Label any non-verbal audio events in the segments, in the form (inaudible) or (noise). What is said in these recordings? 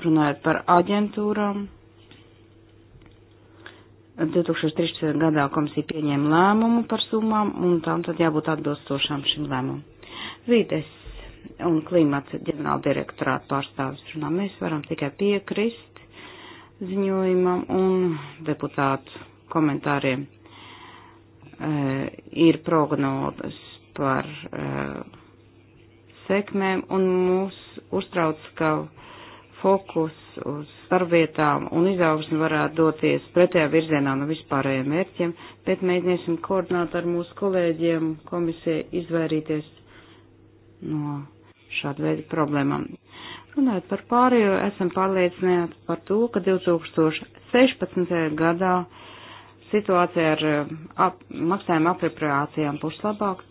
runājot par aģentūrām. 2013. gadā komisija pieņēma lēmumu par summām, un tam tad jābūt atbilstošām šim lēmumam. Vides un klimata ģenerāla direktorāta pārstāvis runā, mēs varam tikai piekrist ziņojumam un deputātu komentāriem. E, ir prognozes par e, sekmēm, un mūs uztrauc, ka fokus uz starpvietām un izaugsmi varētu doties pretējā virzienā no vispārējiem mērķiem, bet mēģināsim koordināt ar mūsu kolēģiem komisija izvairīties no šāda veida problēmām. Runājot par pārējo, esam pārliecināti par to, ka 2016. gadā situācija ar ap, maksājuma apropriācijām būs labāka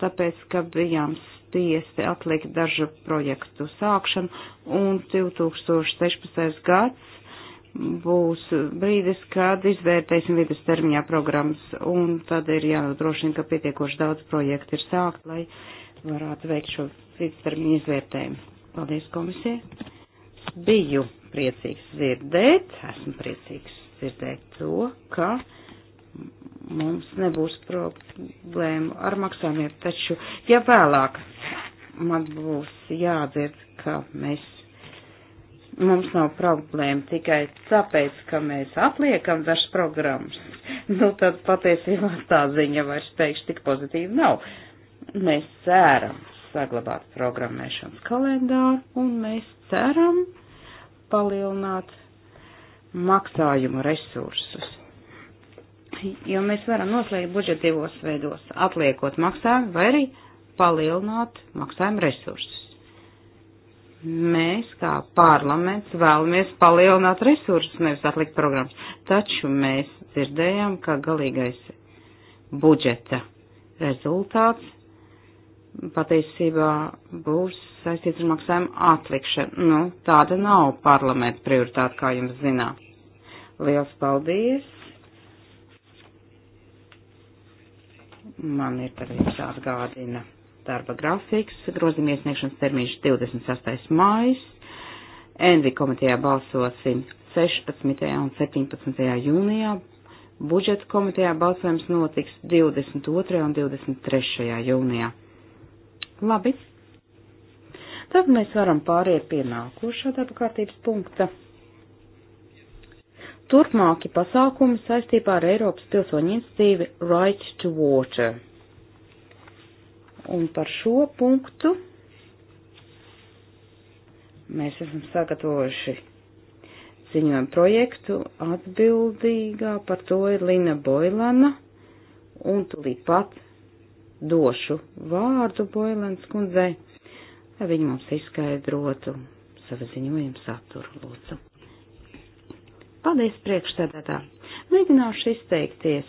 tāpēc, ka bijām spiesti atlikt dažu projektu sākšanu, un 2016. gads būs brīdis, kad izvērtēsim vidustermiņā programmas, un tad ir jānodrošina, ka pietiekoši daudz projektu ir sākt, lai varētu veikt šo vidustermiņu izvērtējumu. Paldies komisijai. Biju priecīgs dzirdēt, esmu priecīgs dzirdēt to, ka mums nebūs problēmu ar maksājumiem, taču, ja vēlāk man būs jādzird, ka mēs, mums nav problēma tikai tāpēc, ka mēs atliekam dažas programmas, (laughs) nu tad patiesībā tā ziņa vairs teikšu tik pozitīva nav. Mēs ceram saglabāt programmēšanas kalendāru un mēs ceram palielināt maksājumu resursus jo mēs varam noslēgt budžetu divos veidos - atliekot maksājumu vai arī palielināt maksājumu resursus. Mēs, kā parlaments, vēlamies palielināt resursus, nevis atlikt programmas. Taču mēs dzirdējām, ka galīgais budžeta rezultāts patiesībā būs saistīts ar maksājumu atlikšanu. Nu, tāda nav parlamenta prioritāte, kā jums zināt. Liels paldies! Man ir tagad jāatgādina darba grafiks, grozījuma iesniegšanas termiņš 26. mājas, Envi komitejā balsosim 16. un 17. jūnijā, budžeta komitejā balsojums notiks 22. un 23. jūnijā. Labi. Tad mēs varam pāriet pie nākošā darba kārtības punkta turpmāki pasākumi saistībā ar Eiropas pilsoņu institīvi Right to Water. Un par šo punktu mēs esam sagatavojuši ziņojumu projektu. Atbildīgā par to ir Lina Boilana un tūlīt pat došu vārdu Boilans kundzei, lai viņa mums izskaidrotu savu ziņojumu saturu, lūdzu. Paldies priekšsēdētā. Mēģināšu izteikties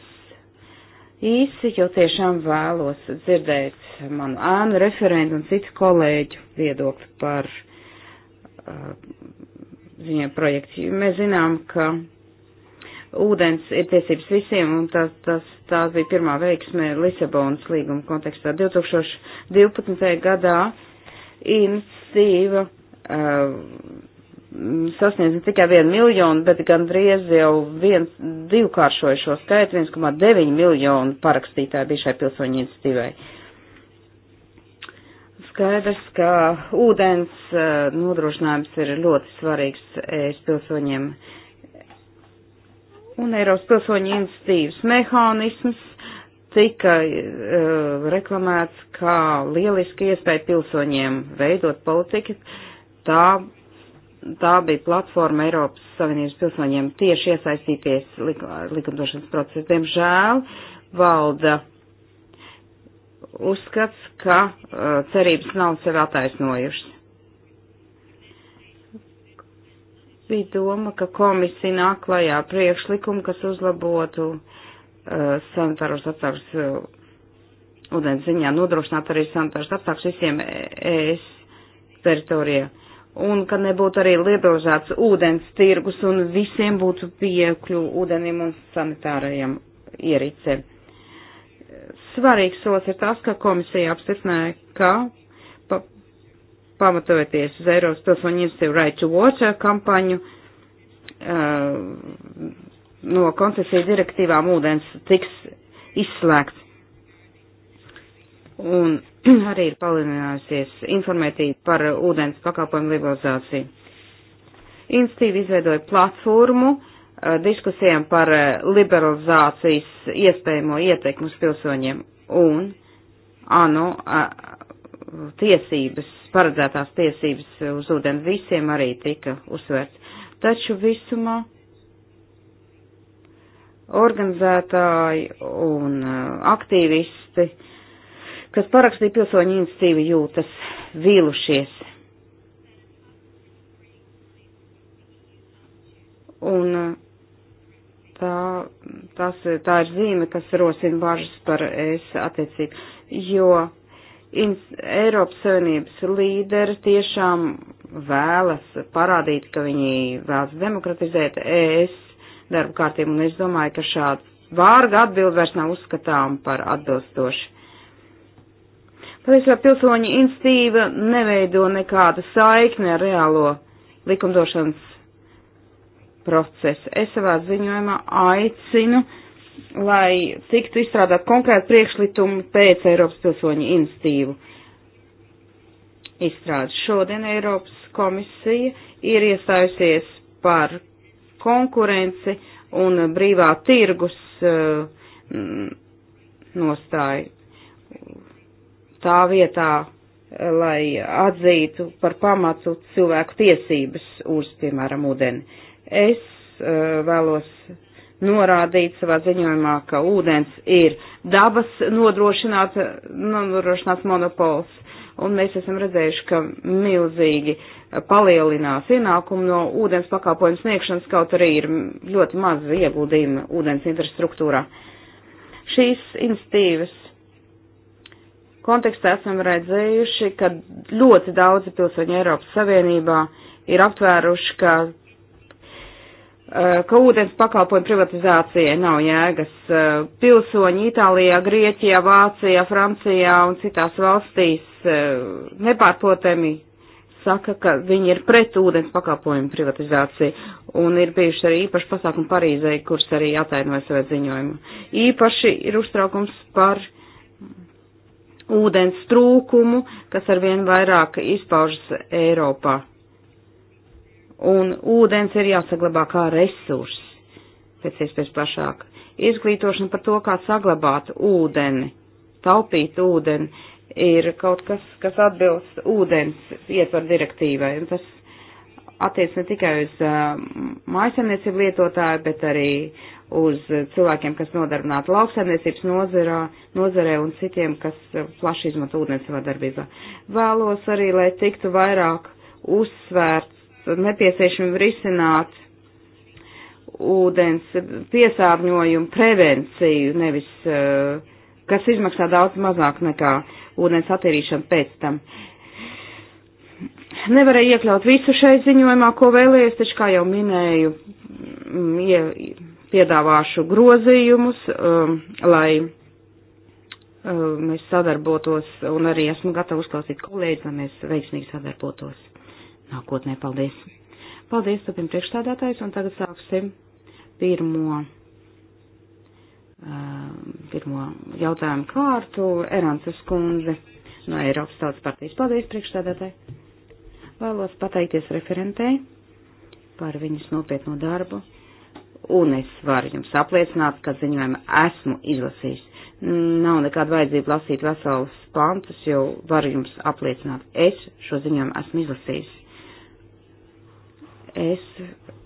īsi, jo tiešām vēlos dzirdēt manu ānu referentu un citu kolēģu viedokli par uh, ziņā projektu. Mēs zinām, ka ūdens ir tiesības visiem, un tas, tas, tā bija pirmā veiksme Lisabonas līguma kontekstā. 2012. gadā iniciatīva uh, sasniedz ne tikai 1 miljonu, bet gan drīz jau viens, divkāršoja šo skaitu, 1,9 miljonu parakstītāju bija šai pilsoņu iniciatīvai. Skaidrs, ka ūdens eh, nodrošinājums ir ļoti svarīgs es pilsoņiem. Un Eiropas pilsoņu iniciatīvas mehānisms tika uh, reklamēts kā lieliski iespēja pilsoņiem veidot politiku. Tā tā bija platforma Eiropas Savienības pilsoņiem tieši iesaistīties likumdošanas procesā. Diemžēl valda uzskats, ka uh, cerības nav sev attaisnojušas. Bija doma, ka komisija nāk klajā priekšlikumu, kas uzlabotu uh, sanitāros apstākļus uh, ūdens ziņā, nodrošināt arī sanitāros apstākļus visiem ES teritorijā un ka nebūtu arī liberalizēts ūdens tirgus un visiem būtu piekļuva ūdenim un sanitārajam ierīcēm. Svarīgs solis ir tas, ka komisija apstiprināja, ka pa, pamatojoties uz Eiropas pilsoņu iniciatīvu Right to Water kampaņu uh, no koncesiju direktīvām ūdens tiks izslēgts. Un (clears throat) arī ir palielinājusies informētība par ūdens pakalpojumu liberalizāciju. Institīva izveidoja platformu eh, diskusijām par eh, liberalizācijas iespējamo ietekmu uz pilsoņiem un ANO tiesības, paredzētās tiesības uz ūdeni visiem arī tika uzsvērts. Taču visumā organizētāji un eh, aktīvisti uh, kas parakstīja pilsoņu iniciatīvu jūtas vīlušies. Un eh, tā, tas, tā ir zīme, kas rosina bažas par es attiecību, jo in, Eiropas Savienības līderi tiešām vēlas parādīt, ka viņi vēlas demokratizēt ES darbu kārtību, un es domāju, ka šāds vārga atbildi vairs nav uzskatām par atbilstoši. Patiesībā pilsoņu institīva neveido nekādu saikni ar reālo likumdošanas procesu. Es savā ziņojumā aicinu, lai tiktu izstrādāt konkrēti priekšlikumi pēc Eiropas pilsoņu institīvu izstrādes. Šodien Eiropas komisija ir iestājusies par konkurenci un brīvā tirgus uh, nostāju tā vietā, lai atzītu par pamatu cilvēku tiesības uz, piemēram, ūdeni. Es uh, vēlos norādīt savā ziņojumā, ka ūdens ir dabas nodrošināt, nodrošināts monopols, un mēs esam redzējuši, ka milzīgi palielinās ienākumu no ūdens pakāpojumu sniegšanas, kaut arī ir ļoti maz ieguldījumi ūdens infrastruktūrā. Šīs institīvas kontekstā esam redzējuši, ka ļoti daudzi pilsoņi Eiropas Savienībā ir aptvēruši, ka, eh, ka ūdens pakalpojumu privatizācijai nav jēgas. Eh, pilsoņi Itālijā, Grieķijā, Vācijā, Francijā un citās valstīs eh, nepārprotami saka, ka viņi ir pret ūdens pakalpojumu privatizāciju, un ir bijuši arī īpaši pasākumi Parīzē, kurus arī atainoja savā ziņojumā. Īpaši ir uztraukums par ūdens trūkumu, kas arvien vairāk izpaužas Eiropā. Un ūdens ir jāsaglabā kā resurs, pēc iespējas plašāk. Izglītošana par to, kā saglabāt ūdeni, taupīt ūdeni, ir kaut kas, kas atbilst ūdens ietvar direktīvai. Un tas attiec ne tikai uz uh, mājasemniecību lietotāju, bet arī uz cilvēkiem, kas nodarbināti lauksaimniecības nozarā, nozarē un citiem, kas plaši izmanto ūdeni savā darbībā. Vēlos arī, lai tiktu vairāk uzsvērts nepieciešamību risināt ūdens piesārņojumu prevenciju, nevis, eh, kas izmaksā daudz mazāk nekā ūdens attīrīšana pēc tam. Nevarēju iekļaut visu šai ziņojumā, ko vēlējies, taču, kā jau minēju, mm, ie, piedāvāšu grozījumus, um, lai um, mēs sadarbotos, un arī esmu gatava uzklausīt kolēģi, lai mēs veiksmīgi sadarbotos nākotnē. Paldies! Paldies, topim priekšstādātājs, un tagad sāksim pirmo, um, pirmo jautājumu kārtu. Erances kundze no Eiropas Tautas partijas. Paldies, priekšstādātāji! Vēlos pateikties referentei par viņas nopietno darbu un es varu jums apliecināt, ka ziņojumu esmu izlasījis. Nav nekāda vajadzība lasīt veselas pantus, jo varu jums apliecināt, es šo ziņojumu esmu izlasījis. Es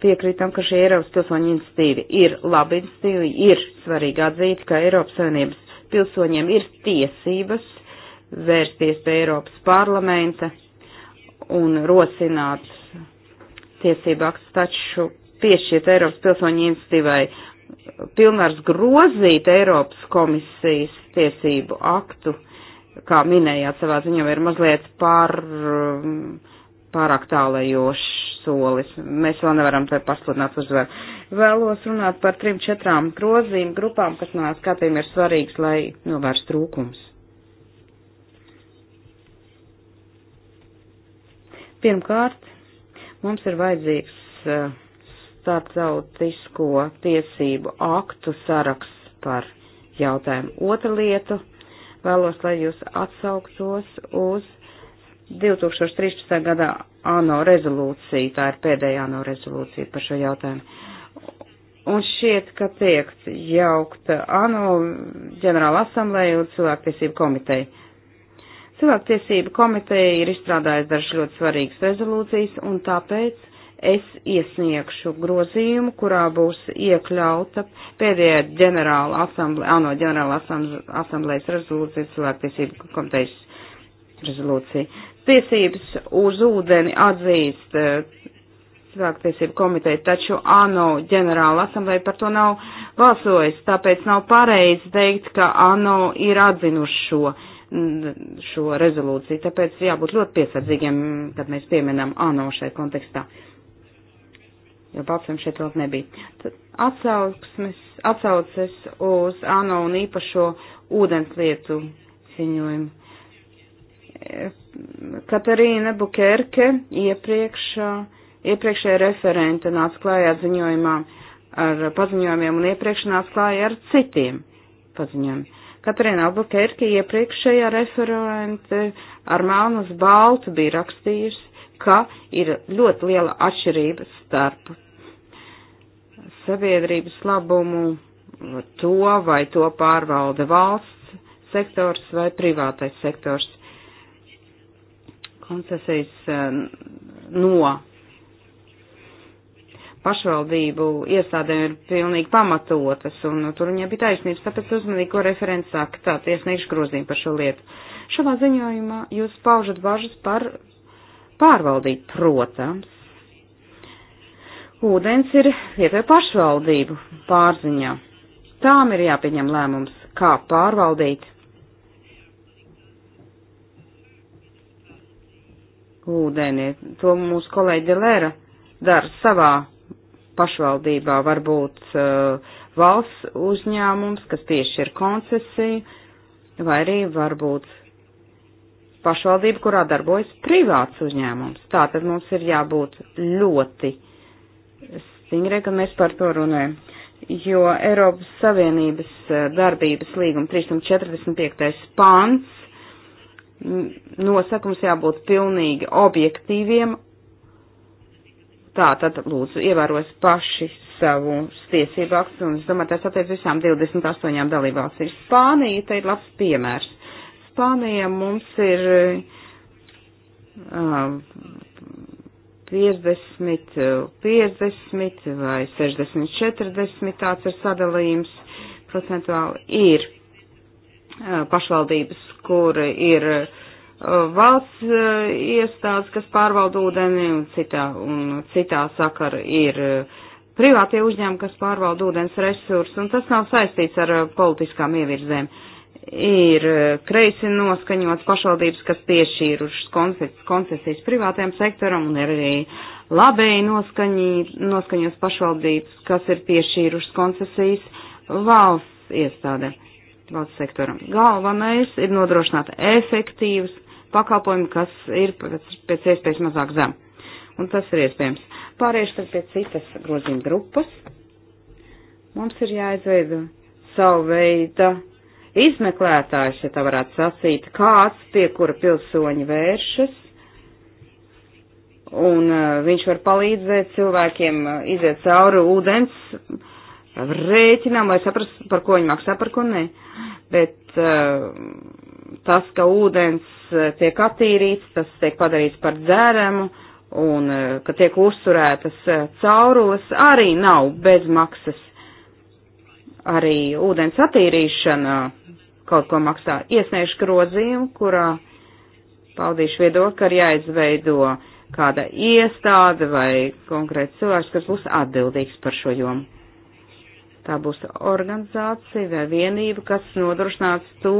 piekrītu tam, ka šī Eiropas pilsoņu institīva ir laba institīva, ir svarīgi atzīt, ka Eiropas Savienības pilsoņiem ir tiesības vērsties pie Eiropas parlamenta un rosināt tiesību aktus, taču piešķirt Eiropas pilsoņu institīvai pilnvars grozīt Eiropas komisijas tiesību aktu, kā minējāt savā ziņā, ir mazliet pār, um, pārāk tālajošs solis. Mēs vēl nevaram te pasludināt uzvaru. Vēlos runāt par trim, četrām grozīm grupām, kas manā skatījumā ir svarīgs, lai novērst trūkums. Pirmkārt, mums ir vajadzīgs uh, starptautisko tiesību aktu saraksts par jautājumu. Otra lieta - vēlos, lai jūs atsauktos uz 2013. gadā ANO rezolūciju, tā ir pēdējā ANO rezolūcija par šo jautājumu. Un šķiet, ka tiek jaukta ANO ģenerāla asamblēja un cilvēktiesību komiteja. Cilvēktiesība komiteja ir izstrādājusi dažas ļoti svarīgas rezolūcijas, un tāpēc es iesniegšu grozījumu, kurā būs iekļauta pēdējā ģenerāla asamblē, ANO ģenerāla asamblējas rezolūcija, cilvēktiesību komitejas rezolūcija. Tiesības uz ūdeni atzīst e, cilvēktiesību komiteja, taču ANO ģenerāla asamblēja par to nav balsojis, tāpēc nav pareizi teikt, ka ANO ir atzinuši šo, šo rezolūciju, tāpēc jābūt ļoti piesardzīgiem, kad mēs pieminam ANO šai kontekstā jo balsojumi šeit vēl nebija. Tad atsauksmes, atsauces uz ANO un īpašo ūdenslietu ziņojumu. E, Katarīna Bukerke iepriekš, e, iepriekšējā referente nāca klājā ziņojumā ar paziņojumiem un iepriekš nāca klājā ar citiem paziņojumiem. Katrīna Albuquerke iepriekšējā referente ar melnu uz baltu bija rakstījusi, ka ir ļoti liela atšķirība starp sabiedrības labumu, to vai to pārvalda valsts sektors vai privātais sektors. Koncesijas eh, no pašvaldību iestādēm ir pilnīgi pamatotas, un tur viņai bija taisnības, tāpēc uzmanīgi, ko referents saka, tā tiesniegšu grozījumu par šo lietu. Šajā ziņojumā jūs paužat bažas par pārvaldību, protams, ūdens ir vietēju pašvaldību pārziņā. Tām ir jāpieņem lēmums, kā pārvaldīt ūdeni. To mūsu kolēģi Delēra dara savā pašvaldībā, varbūt uh, valsts uzņēmums, kas tieši ir koncesija, vai arī varbūt pašvaldība, kurā darbojas privāts uzņēmums. Tātad mums ir jābūt ļoti Stingrai, kad mēs par to runājam. Jo Eiropas Savienības eh, darbības līguma 345. pāns nosakums jābūt pilnīgi objektīviem. Tā tad, lūdzu, ievēros paši savus tiesību aktus, un es domāju, tas attiec visām 28 dalībvalstīm. Spānija te ir labs piemērs. Spānija mums ir uh, 50, 50 eh, vai 60, 40 tāds ir sadalījums procentuāli ir eh, pašvaldības, kur ir eh, valsts iestādes, kas pārvalda ūdeni un citā, un citā sakara ir privātie uzņēmumi, kas pārvalda ūdens resursus, un tas nav saistīts ar politiskām ievirzēm. Uh, ir e, kreisi noskaņots pašvaldības, kas piešķīrušas koncesijas privātajam sektoram, un ir arī labēji noskaņi, noskaņots pašvaldības, kas ir piešķīrušas koncesijas valsts iestādē, valsts sektoram. Galvenais ir nodrošināt efektīvas pakalpojumi, kas ir pēc, pēc iespējas mazāk zem. Un tas ir iespējams. Pāriešu tad pie citas grozījuma grupas. Mums ir jāizveido savu veidu izmeklētājs, ja tā varētu sacīt, kāds pie kura pilsoņi vēršas, un uh, viņš var palīdzēt cilvēkiem uh, iziet cauri ūdens rēķinām, lai saprastu, par ko viņi maksā, par ko nē. Bet uh, tas, ka ūdens uh, tiek attīrīts, tas tiek padarīts par dzēramu, un uh, ka tiek uzturētas caurules, arī nav bezmaksas. Arī ūdens attīrīšana kaut ko maksā. Iesniegšu grozījumu, kurā paudīšu viedokli, ka ir jāizveido kāda iestāde vai konkrēts cilvēks, kas būs atbildīgs par šo jomu. Tā būs organizācija vai vienība, kas nodrošinās to,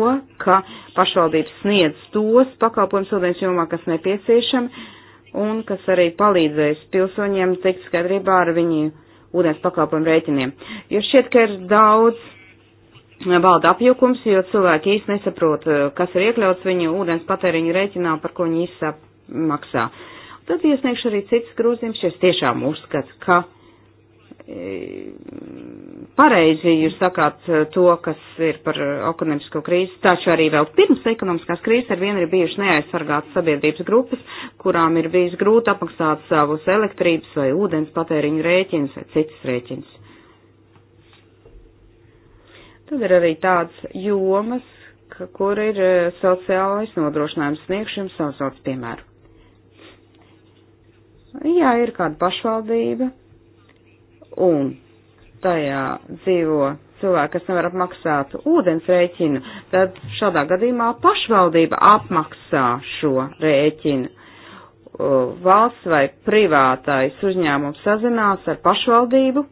ka pašvaldības sniedz tos pakalpojumus ūdens jomā, kas nepieciešami, un kas arī palīdzēs pilsoņiem tikt skaidrībā ar viņu ūdens pakalpojumu rēķiniem. Jo šķiet, ka ir daudz valda apjukums, jo cilvēki īsti nesaprot, eh, kas ir iekļauts viņu ūdens patēriņu rēķinā, par ko viņi izmaksā. Tad iesniegšu arī citas grūzījums, ja es tiešām uzskatu, ka e, pareizi jūs sakāt eh, to, kas ir par ekonomisko krīzi, taču arī vēl pirms ekonomiskās krīzes ar vienu ir bijuši neaizsargātas sabiedrības grupas, kurām ir bijis grūti apmaksāt savus elektrības vai ūdens patēriņu rēķinus vai citas rēķinus. Tad ir arī tādas jomas, ka, kur ir eh, sociālais nodrošinājums sniegšanas saucots piemēru. Jā, ir kāda pašvaldība, un tajā dzīvo cilvēki, kas nevar apmaksāt ūdens rēķinu, tad šādā gadījumā pašvaldība apmaksā šo rēķinu. Valsts vai privātais uzņēmums sazinās ar pašvaldību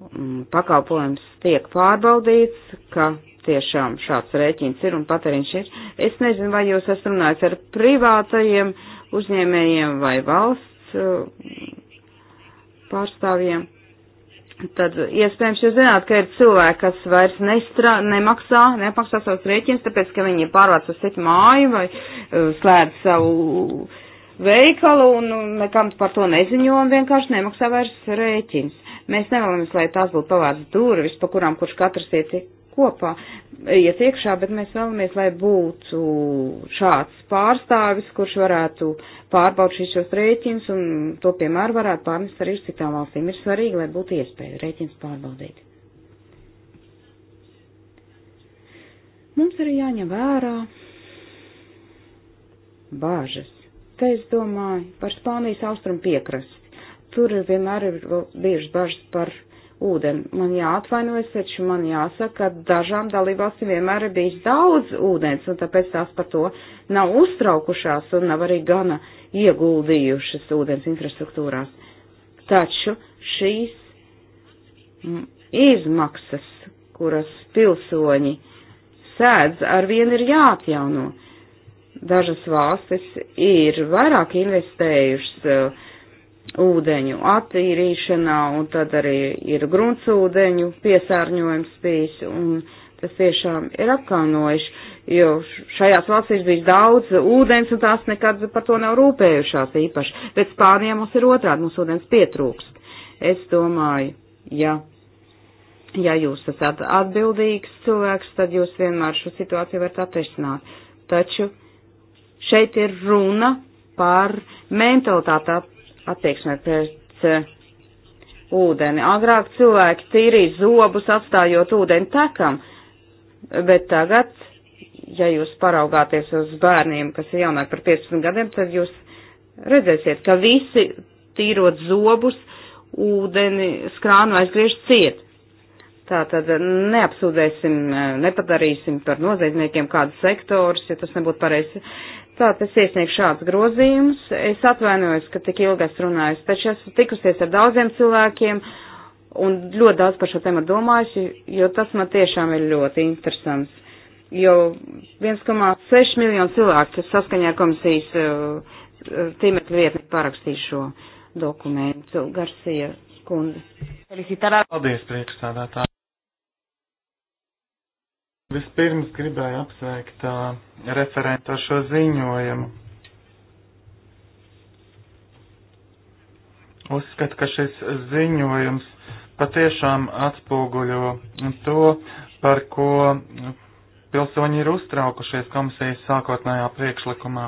Mm, pakalpojums tiek pārbaudīts, ka tiešām šāds rēķins ir un patēriņš ir. Es nezinu, vai jūs esat runājis ar privātajiem uzņēmējiem vai valsts mm, pārstāvjiem. Tad iespējams jūs zināt, ka ir cilvēki, kas vairs nestrā, nemaksā, nemaksā savus rēķinus, tāpēc, ka viņi pārvāc uz citu māju vai uh, slēdz savu veikalu un nekam par to neziņo un vienkārši nemaksā vairs rēķins. Mēs nevēlamies, lai tās būtu pavārds durvis, pa kurām kurš katrs iet kopā, iet iekšā, bet mēs vēlamies, lai būtu šāds pārstāvis, kurš varētu pārbaudīt šos rēķinus un to, piemēram, varētu pārnest arī uz citām valstīm. Ir svarīgi, lai būtu iespēja rēķinus pārbaudīt. mums arī jāņem vērā bāžas. Te es domāju par Spānijas austrumu piekrastu tur vienmēr ir bijušas bažas par ūdeni. Man jāatvainojas, taču man jāsaka, ka dažām dalībvalstīm vienmēr ir bijis daudz ūdens, un tāpēc tās par to nav uztraukušās un nav arī gana ieguldījušas ūdens infrastruktūrās. Taču šīs mm, izmaksas, kuras pilsoņi sēdz, ar vienu ir jāatjauno. Dažas valstis ir vairāk investējušas uh, ūdeņu attīrīšanā, un tad arī ir gruntsūdeņu piesārņojums bijis, un tas tiešām ir apkaunojuši, jo šajās valstīs bija daudz ūdens, un tās nekad par to nav rūpējušās īpaši, bet Spānijā mums ir otrādi, mums ūdens pietrūkst. Es domāju, ja, ja jūs esat atbildīgs cilvēks, tad jūs vienmēr šo situāciju varat atrisināt. Taču šeit ir runa par mentalitāti attieksmē pēc uh, ūdeni. Agrāk cilvēki tīrīja zobus, atstājot ūdeni tekam, bet tagad, ja jūs paraugāties uz bērniem, kas ir jaunāk par 15 gadiem, tad jūs redzēsiet, ka visi tīrot zobus, ūdeni skrānu aizgriež ciet. Tātad neapsūdēsim, nepadarīsim par noziedzniekiem kādu sektorus, ja tas nebūtu pareizi. Uh, Tātad es iesniegšu šādus grozījumus. Es atvainojos, ka tik ilgi es runāju, taču esmu tikusies ar daudziem cilvēkiem un ļoti daudz par šo tēmu domājusi, jo tas man tiešām ir ļoti interesants. Jo 1,6 miljonu cilvēku saskaņā ar komisijas uh, uh, tīmekļa vietni parakstīju šo dokumentu. Garcija kundze. Paldies, priekšstādātāji. Vispirms gribēju apsveikt uh, referentu ar šo ziņojumu. Uzskatu, ka šis ziņojums patiešām atspoguļo to, par ko pilsoņi ir uztraukušies komisijas sākotnējā priekšlikumā.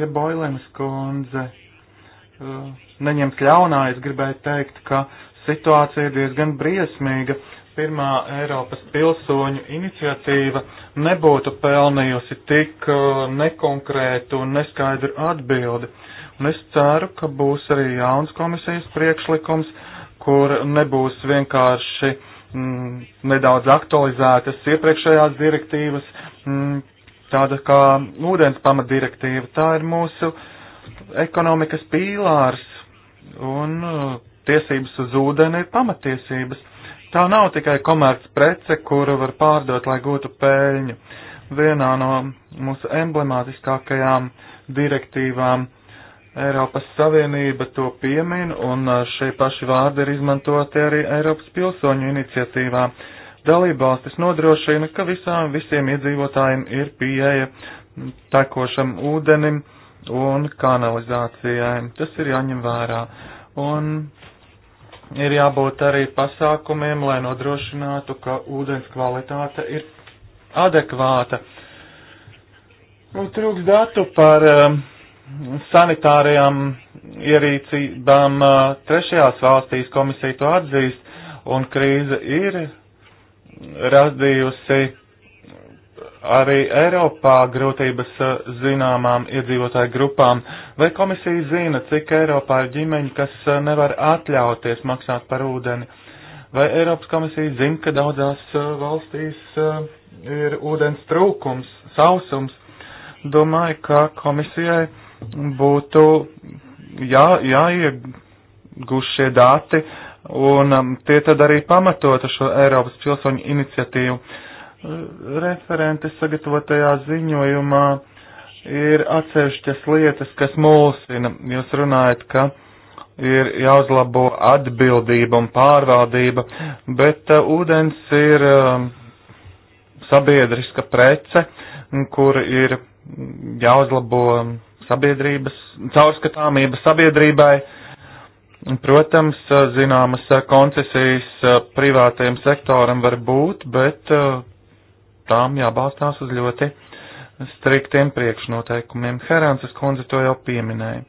Ja Boilēmas kundze uh, neņemt ļaunā, es gribēju teikt, ka situācija ir diezgan briesmīga pirmā Eiropas pilsoņu iniciatīva nebūtu pelnījusi tik uh, nekonkrētu un neskaidru atbildi. Un es ceru, ka būs arī jauns komisijas priekšlikums, kur nebūs vienkārši mm, nedaudz aktualizētas iepriekšējās direktīvas, mm, tāda kā ūdens pamatdirektīva. Tā ir mūsu ekonomikas pīlārs un uh, tiesības uz ūdeni ir pamatiesības. Tā nav tikai komerc prece, kuru var pārdot, lai gūtu pēļņu. Vienā no mūsu emblemātiskākajām direktīvām Eiropas Savienība to piemin, un šie paši vārdi ir izmantoti arī Eiropas pilsoņu iniciatīvā. Dalībvalstis nodrošina, ka visām, visiem iedzīvotājiem ir pieeja tekošam ūdenim un kanalizācijai. Tas ir jāņem vērā. Un ir jābūt arī pasākumiem, lai nodrošinātu, ka ūdens kvalitāte ir adekvāta. Nu, trūks datu par um, sanitārajām ierīcībām uh, trešajās valstīs komisija to atzīst, un krīze ir radījusi arī Eiropā grūtības eh, zināmām iedzīvotāju grupām. Vai komisija zina, cik Eiropā ir ģimeņi, kas eh, nevar atļauties maksāt par ūdeni? Vai Eiropas komisija zina, ka daudzās eh, valstīs ir ūdens trūkums, sausums? Domāju, ka komisijai būtu jā, jāiegūst šie dati, un um, tie tad arī pamatota šo Eiropas pilsoņu iniciatīvu. Uh, referentes sagatavotajā ziņojumā ir atsevišķas lietas, kas mulsina. Jūs runājat, ka ir jāuzlabo atbildība un pārvaldība, bet uh, ūdens ir uh, sabiedriska prece, kur ir jāuzlabo sabiedrības, caurskatāmība sabiedrībai. Protams, uh, zināmas uh, koncesijas uh, privātajam sektoram var būt, bet uh, tām jābalstās uz ļoti striktiem priekšnoteikumiem. Herānces kundze to jau pieminēja.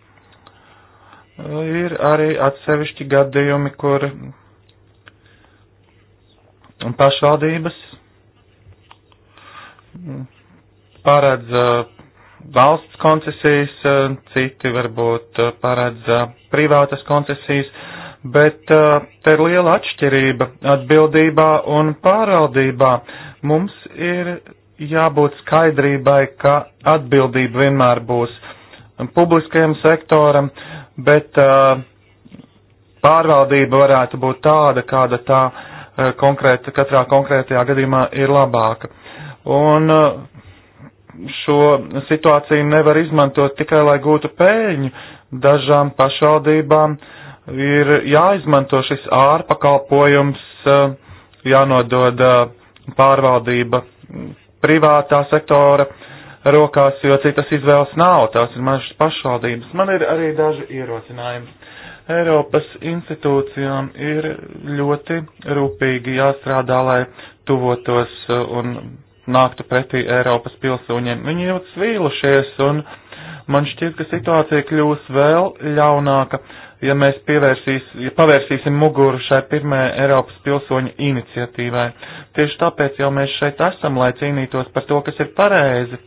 Ir arī atsevišķi gadījumi, kur pašvaldības paredz uh, valsts koncesijas, uh, citi varbūt uh, paredz privātas koncesijas, bet te ir liela atšķirība atbildībā un pārvaldībā. Mums ir jābūt skaidrībai, ka atbildība vienmēr būs publiskajam sektoram, bet uh, pārvaldība varētu būt tāda, kāda tā uh, konkrēta, katrā konkrētajā gadījumā ir labāka. Un uh, šo situāciju nevar izmantot tikai, lai gūtu pēļņu. Dažām pašvaldībām ir jāizmanto šis ārpakalpojums, uh, jānodod uh, pārvaldība privātā sektora rokās, jo citas izvēles nav, tās ir mažas pašvaldības. Man ir arī daži ierocinājumi. Eiropas institūcijām ir ļoti rūpīgi jāstrādā, lai tuvotos uh, un nāktu pretī Eiropas pilsūņiem. Viņi jūtas vīlušies un man šķiet, ka situācija kļūs vēl ļaunāka ja mēs pievērsīs, ja pavērsīsim muguru šai pirmajai Eiropas pilsoņu iniciatīvai. Tieši tāpēc jau mēs šeit esam, lai cīnītos par to, kas ir pareizi.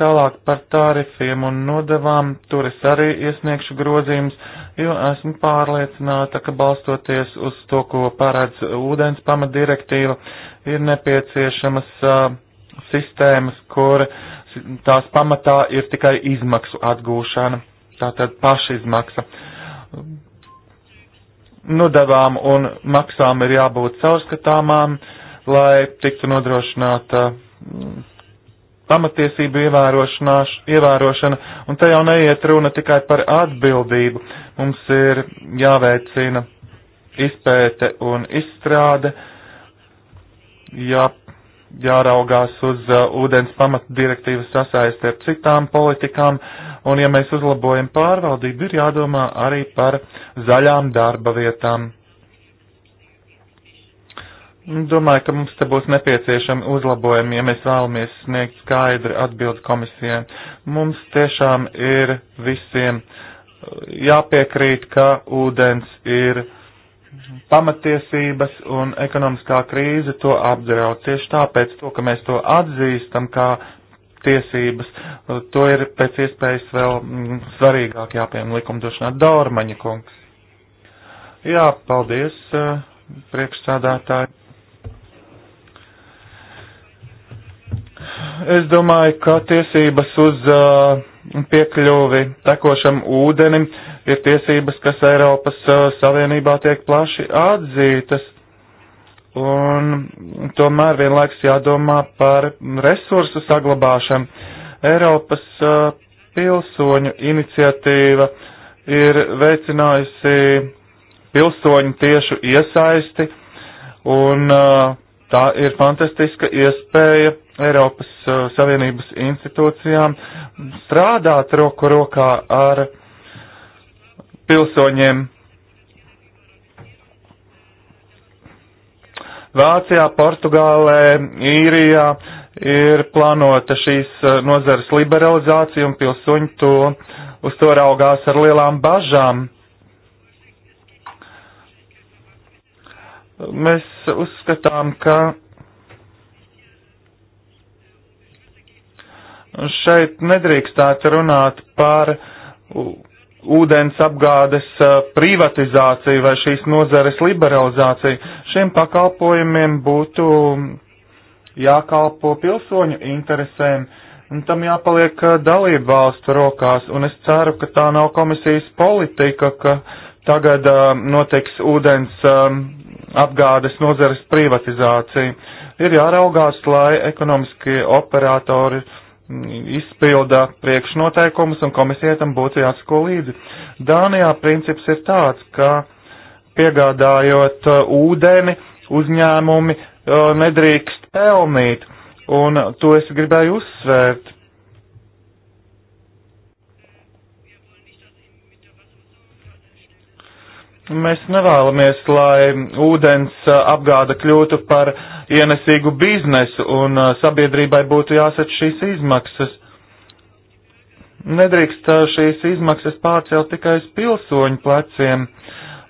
Tālāk par tarifiem un nodevām, tur es arī iesniegšu grozījumus, jo esmu pārliecināta, ka balstoties uz to, ko paredz ūdens pamatdirektīva, ir nepieciešamas uh, sistēmas, kur tās pamatā ir tikai izmaksu atgūšana, tātad pašizmaksa. Uh, nodevām un maksām ir jābūt caurskatāmām, lai tiktu nodrošināta mm, pamatiesību ievērošana, un te jau neiet runa tikai par atbildību. Mums ir jāveicina izpēte un izstrāde, jā, jāraugās uz uh, ūdens pamatdirektīvas sasaisti ar citām politikām, un ja mēs uzlabojam pārvaldību, ir jādomā arī par zaļām darba vietām. Domāju, ka mums te būs nepieciešami uzlabojumi, ja mēs vēlamies sniegt skaidru atbildi komisijai. Mums tiešām ir visiem jāpiekrīt, ka ūdens ir pamatiesības un ekonomiskā krīze to apdraud. Tieši tāpēc to, ka mēs to atzīstam kā tiesības, to ir pēc iespējas vēl mm, svarīgāk jāpiem likumdošanā. Daurmaņa kungs. Jā, paldies, eh, priekšsādātāji. Es domāju, ka tiesības uz eh, piekļuvi tekošam ūdenim uh, ir tiesības, kas Eiropas uh, Savienībā tiek plaši atzītas. Un tomēr vienlaiks jādomā par resursu saglabāšanu. Eiropas uh, pilsoņu iniciatīva ir veicinājusi pilsoņu tiešu iesaisti, un uh, tā ir fantastiska iespēja Eiropas Savienības institūcijām strādāt roku rokā ar pilsoņiem. Vācijā, Portugālē, Īrijā ir plānota šīs eh, nozares liberalizācija un pilsoņi to uz to raugās ar lielām bažām. Mēs uzskatām, ka šeit nedrīkstētu runāt par ūdens apgādes privatizāciju vai šīs nozares liberalizāciju. Šiem pakalpojumiem būtu jākalpo pilsoņu interesēm, un tam jāpaliek dalību valstu rokās, un es ceru, ka tā nav komisijas politika, ka tagad uh, notiks ūdens um, apgādes nozares privatizācija. Ir jāraugās, lai ekonomiskie operatori uh, Mm, izpilda priekšnoteikumus, un komisija tam būtu jāsako līdzi. Dānijā princips ir tāds, ka piegādājot uh, ūdeni, uzņēmumi uh, nedrīkst pelnīt, un to es gribēju uzsvērt. Mēs nevēlamies, lai ūdens apgāda kļūtu par ienesīgu biznesu un sabiedrībai būtu jāsat šīs izmaksas. Nedrīkst šīs izmaksas pārcelt tikai uz pilsoņu pleciem,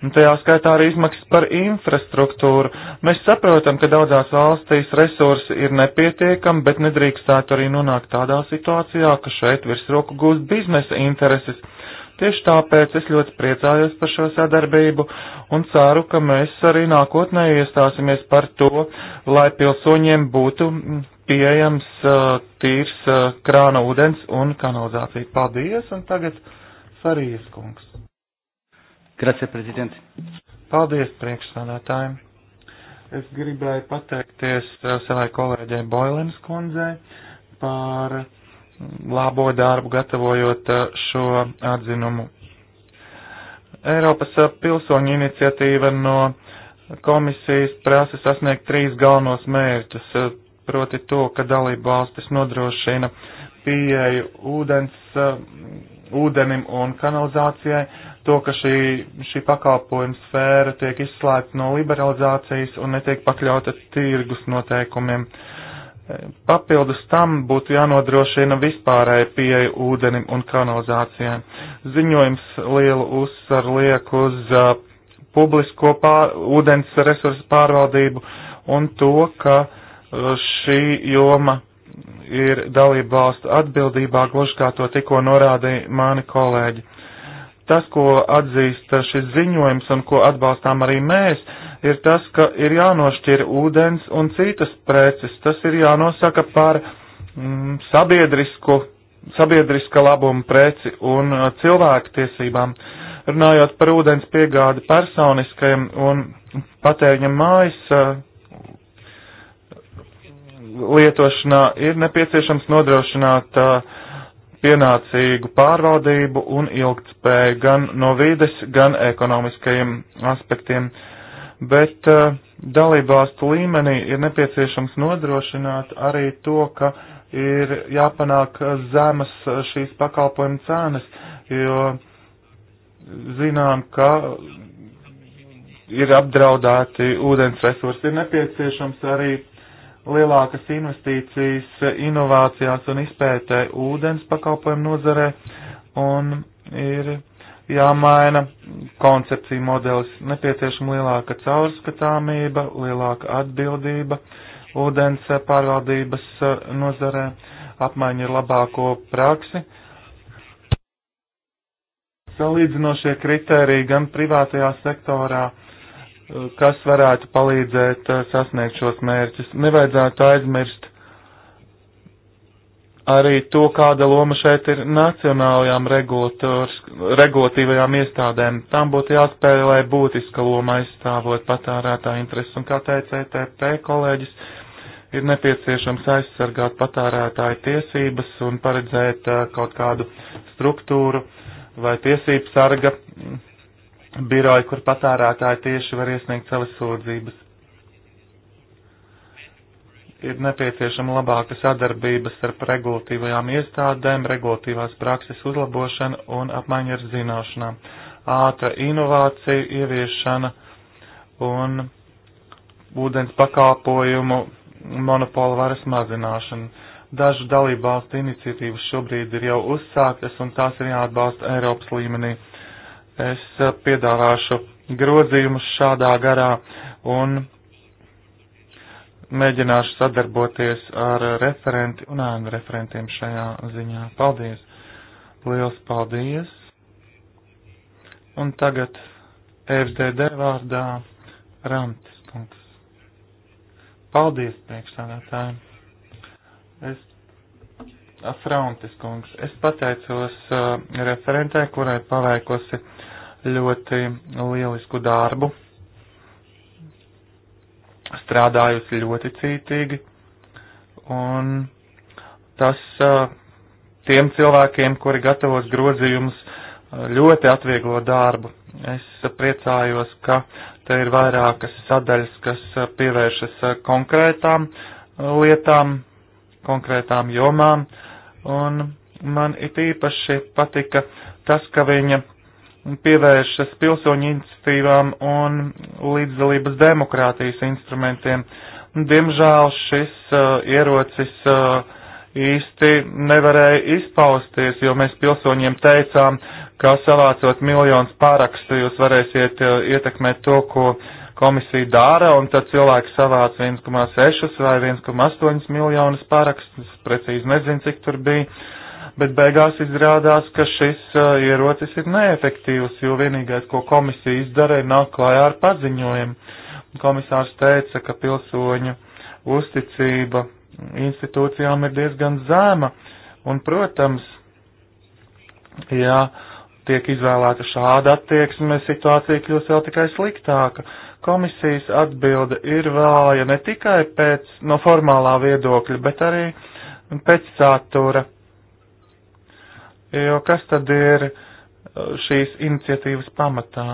un tajā skaitā arī izmaksas par infrastruktūru. Mēs saprotam, ka daudzās valstīs resursi ir nepietiekami, bet nedrīkstētu arī nonākt tādā situācijā, ka šeit virsroku gūst biznesa intereses Tieši tāpēc es ļoti priecājos par šo sadarbību un ceru, ka mēs arī nākotnē iestāsimies par to, lai pilsoņiem būtu pieejams uh, tīrs uh, krāna ūdens un kanalizācija. Paldies, un tagad Farijas kungs. Grazie, prezident. Paldies priekšsādātājiem. Es gribēju pateikties uh, savai kolēģei Boilens kundzei par uh, labo darbu gatavojot eh, šo atzinumu. Eiropas eh, pilsoņu iniciatīva no komisijas prasa sasniegt trīs galvenos mērķus, eh, proti to, ka dalība valstis nodrošina pieeju ūdens, ūdenim un kanalizācijai, to, ka šī, šī pakalpojuma sfēra tiek izslēgta no liberalizācijas un netiek pakļauta tirgus noteikumiem. Uh, Papildus tam būtu jānodrošina vispārēja pieeja ūdenim un kanalizācijai. Ziņojums lielu uzsvaru liek uz uh, publisko pār, ūdens resursu pārvaldību un to, ka uh, šī joma ir dalību valstu atbildībā, gluži kā to tikko norādīja mani kolēģi. Tas, ko atzīst šis ziņojums un ko atbalstām arī mēs, uh, ir tas, ka ir jānošķir ūdens un citas preces. Tas ir jānosaka par mm, sabiedrisku, sabiedriska labuma preci un uh, cilvēktiesībām. Runājot par ūdens piegādi personiskajam un patēriņa mājas uh, lietošanā, ir nepieciešams nodrošināt uh, pienācīgu pārvaldību un ilgtspēju gan no vides, gan ekonomiskajiem aspektiem. Uh, bet uh, dalībvalstu līmenī ir nepieciešams nodrošināt arī to, ka ir jāpanāk zemes eh, šīs pakalpojuma cenas, jo zinām, ka ir apdraudēti ūdens resursi, ir nepieciešams arī lielākas investīcijas eh, inovācijās un izpētē ūdens pakalpojumu nozarē un ir jāmaina koncepcija modelis, nepieciešama lielāka caurskatāmība, lielāka atbildība ūdens pārvaldības eh, nozarē, apmaiņa ar labāko praksi. Salīdzinošie kriteriji gan privātajā sektorā, eh, kas varētu palīdzēt eh, sasniegt šos mērķus. Nevajadzētu aizmirst arī to, kāda loma šeit ir nacionālajām regulatīvajām iestādēm. Tām būtu jāspēlē būtiska loma aizstāvot patērētā interesi. Un kā teica ETP kolēģis, ir nepieciešams aizsargāt patērētāju tiesības un paredzēt uh, kaut kādu struktūru vai tiesību sarga biroju, kur patērētāji tieši var iesniegt savas sūdzības ir nepieciešama labāka sadarbība starp regulatīvajām iestādēm, regulatīvās prakses uzlabošana un apmaiņa ar zināšanām, ātra inovācija ieviešana un ūdens pakāpojumu monopola varas mazināšana. Dažu dalību valstu iniciatīvas šobrīd ir jau uzsāktas un tās ir jāatbalsta Eiropas līmenī. Es eh, piedāvāšu grozījumus šādā garā un mēģināšu sadarboties ar referenti un ēnu referentiem šajā ziņā. Paldies! Liels paldies! Un tagad FDD vārdā Ramtis kungs. Paldies priekšsādātājiem! Es Afrauntis kungs, es pateicos uh, referentē, kurai paveikusi ļoti lielisku darbu strādājusi ļoti cītīgi, un tas tiem cilvēkiem, kuri gatavos grozījumus, ļoti atvieglo darbu. Es priecājos, ka te ir vairākas sadaļas, kas pievēršas konkrētām lietām, konkrētām jomām, un man it īpaši patika tas, ka viņa pievēršas pilsoņu iniciatīvām un līdzdalības demokrātijas instrumentiem. Diemžēl šis uh, ierocis uh, īsti nevarēja izpausties, jo mēs pilsoņiem teicām, ka savācot miljonus pārakstu jūs varēsiet uh, ietekmēt to, ko komisija dara, un tad cilvēki savāc 1,6 vai 1,8 miljonus pārakstus, precīzi nezinu, cik tur bija. Uh, bet beigās izrādās, ka šis uh, ierocis ir neefektīvs, jo vienīgais, ko komisija izdarīja, nāk klājā ar paziņojumu. Komisārs teica, ka pilsoņu uzticība institūcijām ir diezgan zēma, un, protams, ja tiek izvēlēta šāda attieksme, situācija kļūs vēl tikai sliktāka. Komisijas atbilde ir vāja ne tikai pēc, no formālā viedokļa, bet arī pēc satura Jo kas tad ir uh, šīs iniciatīvas pamatā?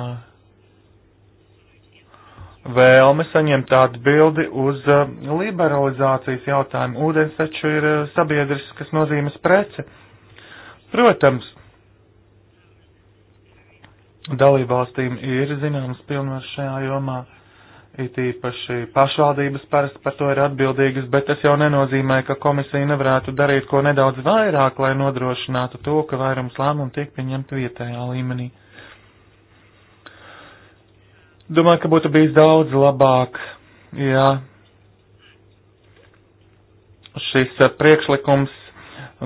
Vēlme saņemt atbildi uz uh, liberalizācijas jautājumu. Ūdens taču ir uh, sabiedriskas nozīmes prece. Protams, dalībvalstīm ir zināmas pilnvaras šajā jomā It īpaši pašvaldības parasti par to ir atbildīgas, bet tas jau nenozīmē, ka komisija nevarētu darīt ko nedaudz vairāk, lai nodrošinātu to, ka vairums lēmumu tiek pieņemta vietējā līmenī. Domāju, ka būtu bijis daudz labāk, ja šis priekšlikums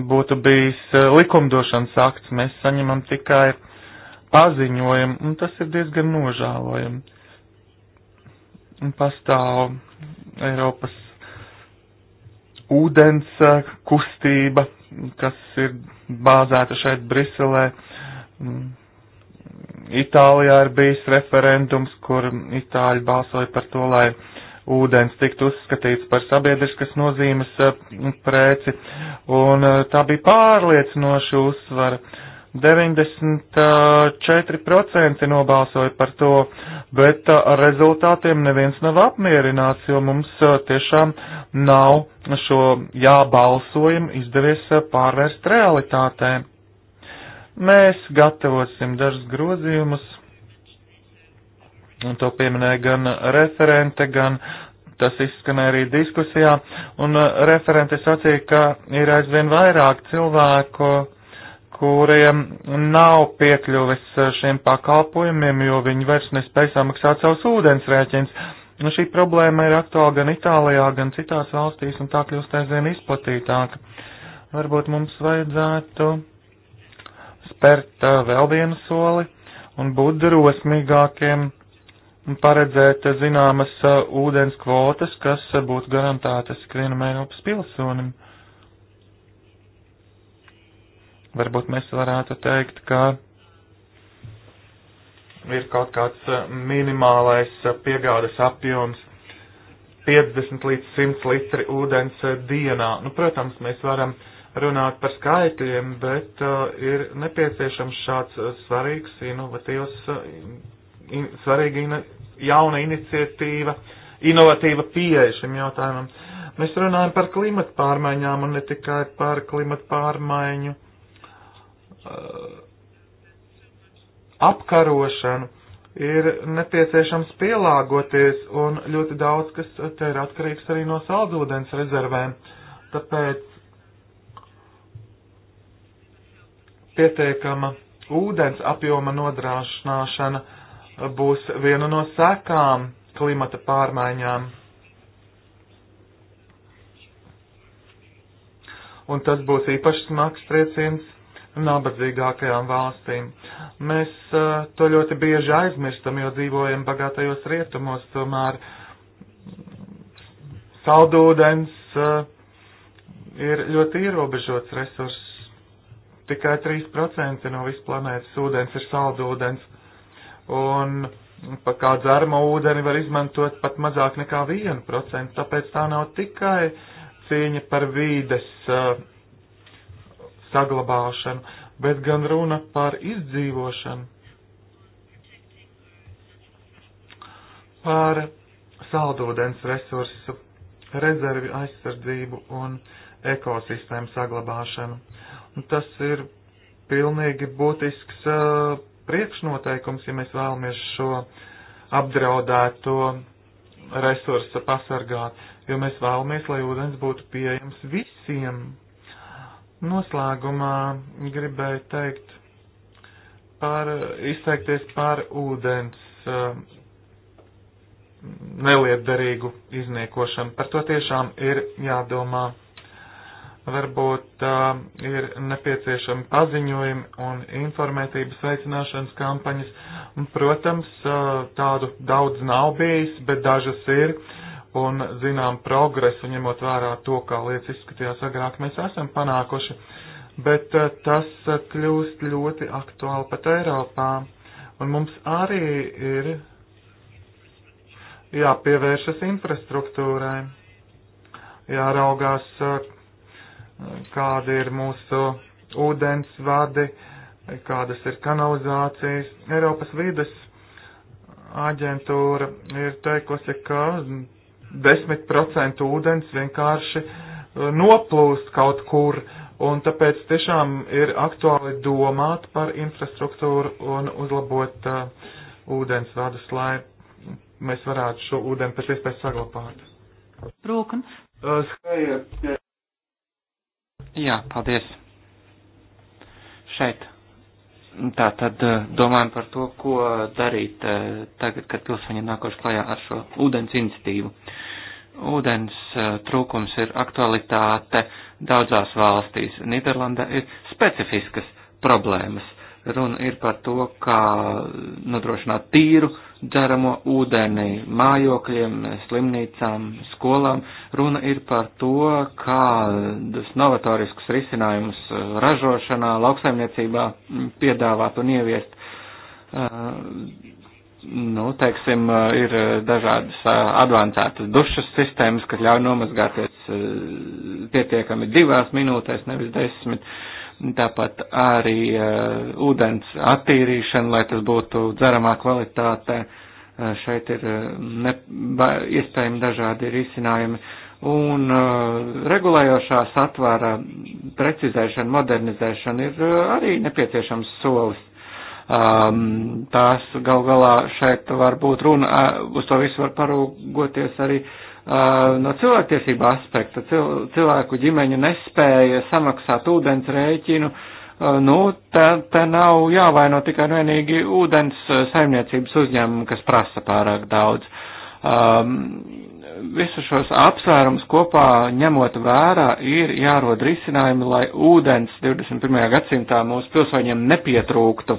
būtu bijis likumdošanas akts. Mēs saņemam tikai paziņojumu, un tas ir diezgan nožēlojami pastāv Eiropas ūdens eh, kustība, kas ir bāzēta šeit Briselē. Mm. Itālijā ir bijis referendums, kur itāļi balsoja par to, lai ūdens tiktu uzskatīts par sabiedriskas nozīmes eh, preci, un eh, tā bija pārliecinoša uzsvara 94% nobalsoja par to, bet ar rezultātiem neviens nav apmierināts, jo mums tiešām nav šo jābalsojumu izdevies pārvērst realitātē. Mēs gatavosim dažus grozījumus, un to pieminēja gan referente, gan tas izskanēja arī diskusijā, un referente sacīja, ka ir aizvien vairāk cilvēku, kuriem nav piekļuvis eh, šiem pakalpojumiem, jo viņi vairs nespēj samaksāt savus ūdens rēķins. Nu, šī problēma ir aktuāla gan Itālijā, gan citās valstīs, un tā kļūst aizvien izplatītāka. Varbūt mums vajadzētu spērt uh, vēl vienu soli un būt drosmīgākiem un paredzēt zināmas uh, ūdens kvotas, kas uh, būtu garantētas ikvienam Eiropas pilsonim. Uh, Varbūt mēs varētu teikt, ka ir kaut kāds eh, minimālais eh, piegādes apjoms 50 līdz 100 litri ūdens eh, dienā. Nu, protams, mēs varam runāt par skaitļiem, bet uh, ir nepieciešams šāds svarīgs, inovatīvs, in, svarīga in, jauna iniciatīva, inovatīva pieeja šim jautājumam. Mēs runājam par klimatu pārmaiņām un ne tikai par klimatu pārmaiņu Uh, apkarošanu, ir nepieciešams pielāgoties, un ļoti daudz kas te ir atkarīgs arī no saldūdens rezervēm. Tāpēc pietiekama ūdens apjoma nodrāšanāšana būs viena no sekām klimata pārmaiņām. Un tas būs īpaši smags trieciens nabadzīgākajām valstīm. Mēs uh, to ļoti bieži aizmirstam, jo dzīvojam bagātajos rietumos, tomēr saldūdens uh, ir ļoti ierobežots resurss. Tikai 3% no visu planētas ūdens ir saldūdens, un pa kā dzerma ūdeni var izmantot pat mazāk nekā 1%, tāpēc tā nav tikai cīņa par vīdes uh, saglabāšanu, bet gan runa par izdzīvošanu, par saldūdens resursu, rezervi aizsardzību un ekosistēmu saglabāšanu. Un tas ir pilnīgi būtisks uh, priekšnoteikums, ja mēs vēlamies šo apdraudēto resursu pasargāt, jo mēs vēlamies, lai ūdens būtu pieejams visiem Noslēgumā gribēju teikt par, izteikties par ūdens uh, nelietderīgu izniekošanu. Par to tiešām ir jādomā. Varbūt uh, ir nepieciešami paziņojumi un informētības veicināšanas kampaņas. Un, protams, uh, tādu daudz nav bijis, bet dažas ir. Uh, un zinām progresu, ņemot vērā to, kā lietas izskatījās agrāk, mēs esam panākuši, bet eh, tas eh, kļūst ļoti aktuāli pat Eiropā. Un mums arī ir jāpievēršas infrastruktūrai, jāraugās, eh, kādi ir mūsu ūdens vadi, kādas ir kanalizācijas. Eiropas vides aģentūra ir teikusi, ka 10% ūdens vienkārši eh, noplūst kaut kur, un tāpēc tiešām ir aktuāli domāt par infrastruktūru un uzlabot uh, ūdens vadus, lai mēs varētu šo ūdeni pēc iespējas saglabāt. Rūkan. Eh, Jā, paldies. Šeit Tā tad eh, domājam par to, ko darīt eh, tagad, kad pilsoņi nākoši klajā ar šo ūdens iniciatīvu. Ūdens eh, trūkums ir aktualitāte daudzās valstīs. Nīderlandē ir specifiskas problēmas. Runa ir par to, kā nodrošināt tīru dzeramo ūdeni, mājokļiem, slimnīcām, skolām. Runa ir par to, kādus novatoriskus risinājumus ražošanā, lauksaimniecībā piedāvāt un ieviest. Eh, nu, teiksim, ir dažādas eh, advancētas dušas sistēmas, kas ļauj nomazgāties eh, pietiekami divās minūtēs, nevis desmit. Uh, tāpat arī uh, ūdens attīrīšana, lai tas būtu dzeramā kvalitātē. Uh, eh, šeit ir eh, ne, ba, iespējami dažādi risinājumi. Un uh, regulējošā satvara precizēšana, modernizēšana ir uh, arī nepieciešams solis. Um, tās gal galā šeit var būt runa, uh, uz to visu var parūgoties arī uh, Uh, no cilvēktiesība aspekta cil, cilvēku ģimeņu nespēja samaksāt ūdens rēķinu, uh, nu, te, te nav jāvaino tikai un vienīgi ūdens uh, saimniecības uzņēmumu, kas prasa pārāk daudz. Um, visu šos apsvērums kopā ņemot vērā ir jārod risinājumi, lai ūdens 21. gadsimtā mūsu pilsoņiem nepietrūktu,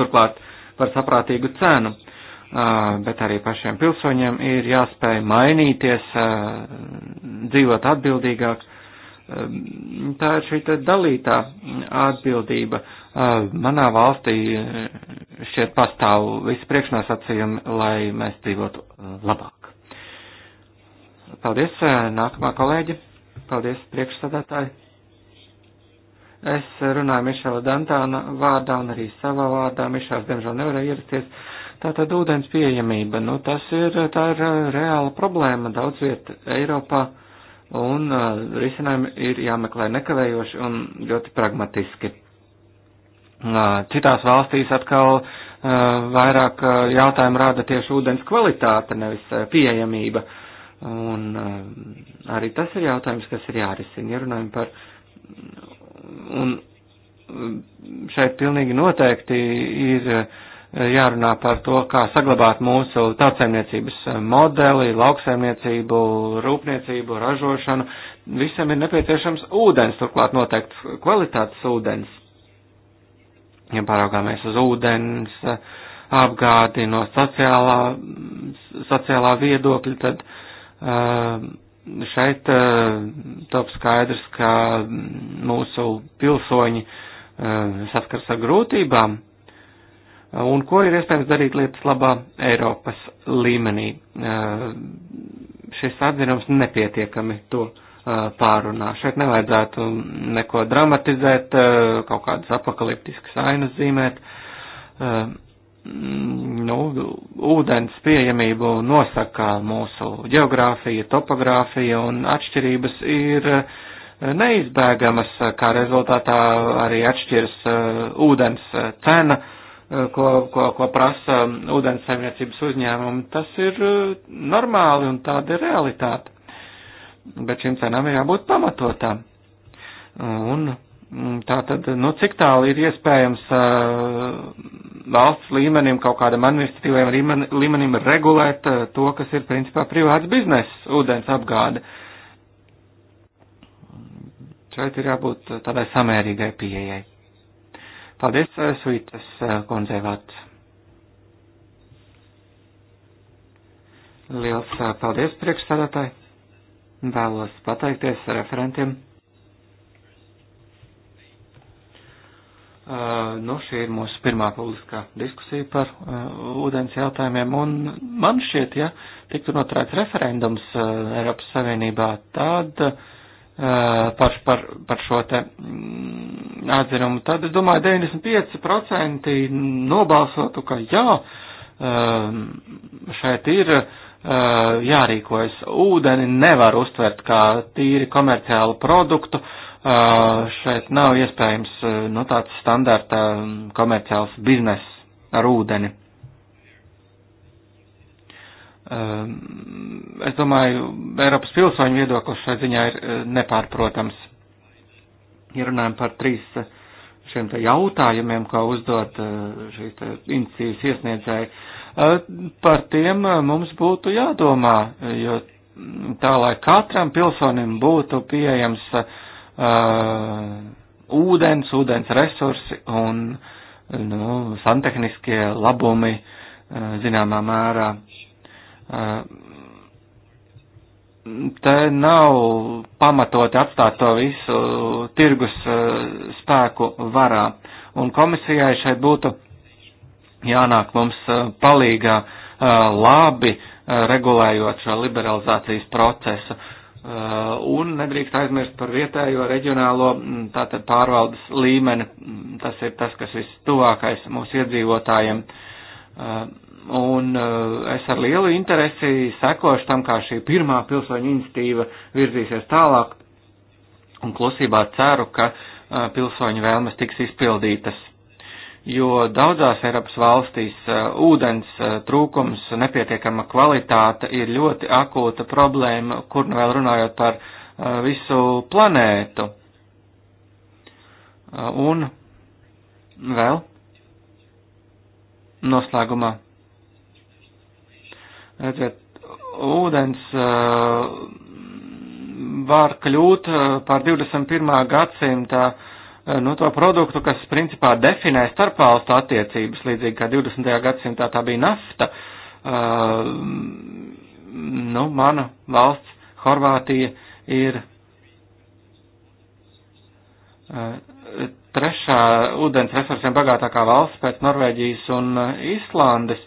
turklāt par saprātīgu cenu Ah, bet arī pašiem pilsoņiem ir jāspēj mainīties, ah, dzīvot atbildīgāk. Ah, tā ir šī dalītā atbildība. Manā valstī eh, šķiet pastāv visi priekšnosacījumi, lai mēs dzīvotu eh, labāk. Paldies, eh, nākamā kolēģi. Paldies, priekšsādātāji. Es runāju Mišela Dantāna vārdā un arī savā vārdā. Mišels, diemžēl, nevarēja ierasties Tātad ūdens pieejamība, nu tas ir, tā ir uh, reāla problēma daudz viet Eiropā, un uh, risinājumi ir jāmeklē nekavējoši un ļoti pragmatiski. Uh, citās valstīs atkal uh, vairāk uh, jautājumu rāda tieši ūdens kvalitāte, nevis uh, pieejamība, un uh, arī tas ir jautājums, kas ir jārisina, ja runājam par, un uh, šeit pilnīgi noteikti ir. Uh, jārunā par to, kā saglabāt mūsu tautsēmniecības modeli, lauksaimniecību, rūpniecību, ražošanu. Visam ir nepieciešams ūdens, turklāt noteikti kvalitātes ūdens. Ja paraugāmies uz ūdens apgādi no sociālā, sociālā viedokļa, tad eh, šeit eh, top skaidrs, ka mūsu pilsoņi eh, saskars ar grūtībām Uh, un ko ir iespējams darīt lietas labā Eiropas līmenī. Uh, šis atzinums nepietiekami to uh, pārunā. Šeit nevajadzētu neko dramatizēt, kaut kādas apakaliptiskas ainas zīmēt. Mm, nu, ūdens pieejamību nosaka mūsu geogrāfija, topogrāfija un atšķirības ir neizbēgamas, kā rezultātā arī atšķiras ūdens cena ko, ko, ko prasa ūdens saimniecības uzņēmumi. Tas ir e, normāli un tāda ir realitāte. Bet šīm cenām ir jābūt pamatotām. E, un mm, tā tad, nu, cik tālu ir iespējams e, valsts līmenim, kaut kādam administratīvajam līmenim regulēt to, kas ir principā privāts bizness, ūdens apgāde. Šeit ir jābūt tādai samērīgai pieejai. Paldies, eh, Suitas eh, kundzei vārds. Liels eh, paldies priekšstādātāji. Vēlos pateikties referentiem. Uh, nu, šī ir mūsu pirmā publiskā diskusija par uh, ūdens jautājumiem, un man šķiet, ja tiktu noturēts referendums uh, Eiropas Savienībā, tad uh, Eh, par, par, par šo te mm, atzinumu, tad es domāju 95% nobalsotu, ka jā, ehm, šeit ir eh, jārīkojas. Ūdeni nevar uztvert kā tīri komerciālu produktu. Eh, šeit nav iespējams nu, tāds standarta mm, komerciāls bizness ar ūdeni. Ehm, es domāju, Eiropas pilsoņu viedoklis šai ziņā ir eh, nepārprotams. Ja runājam par trīs eh, šiem te jautājumiem, ko uzdot eh, šīs iniciatīvas iesniedzēji, par tiem mums būtu jādomā, jo tā, lai katram pilsonim būtu pieejams uh, ūdens, ūdens resursi un, nu, santehniskie labumi, uh, zināmā mērā, uh, Eh, te nav pamatoti atstāt to visu tirgus eh, spēku varā, un komisijai šeit būtu jānāk mums eh, palīgā labi regulējot šo liberalizācijas procesu. Un nedrīkst aizmirst par vietējo reģionālo mm, tātad pārvaldes līmeni. Mm, tas ir tas, kas viss tuvākais mūsu iedzīvotājiem. Uh, Un uh, es ar lielu interesi sekošu tam, kā šī pirmā pilsoņu institīva virzīsies tālāk, un klusībā ceru, ka uh, pilsoņu vēlmes tiks izpildītas. Jo daudzās Eiropas valstīs uh, ūdens uh, trūkums, nepietiekama kvalitāte ir ļoti akūta problēma, kur nu vēl runājot par uh, visu planētu. Uh, un vēl noslēgumā Redziet, ūdens eh, var kļūt eh, par 21. gadsimta eh, nu, to produktu, kas principā definē starpvalstu attiecības, līdzīgi kā 20. gadsimtā tā bija nafta. Uh, nu, mana valsts, Horvātija, ir uh, trešā ūdens resursiem bagātākā valsts pēc Norvēģijas un Īslandes.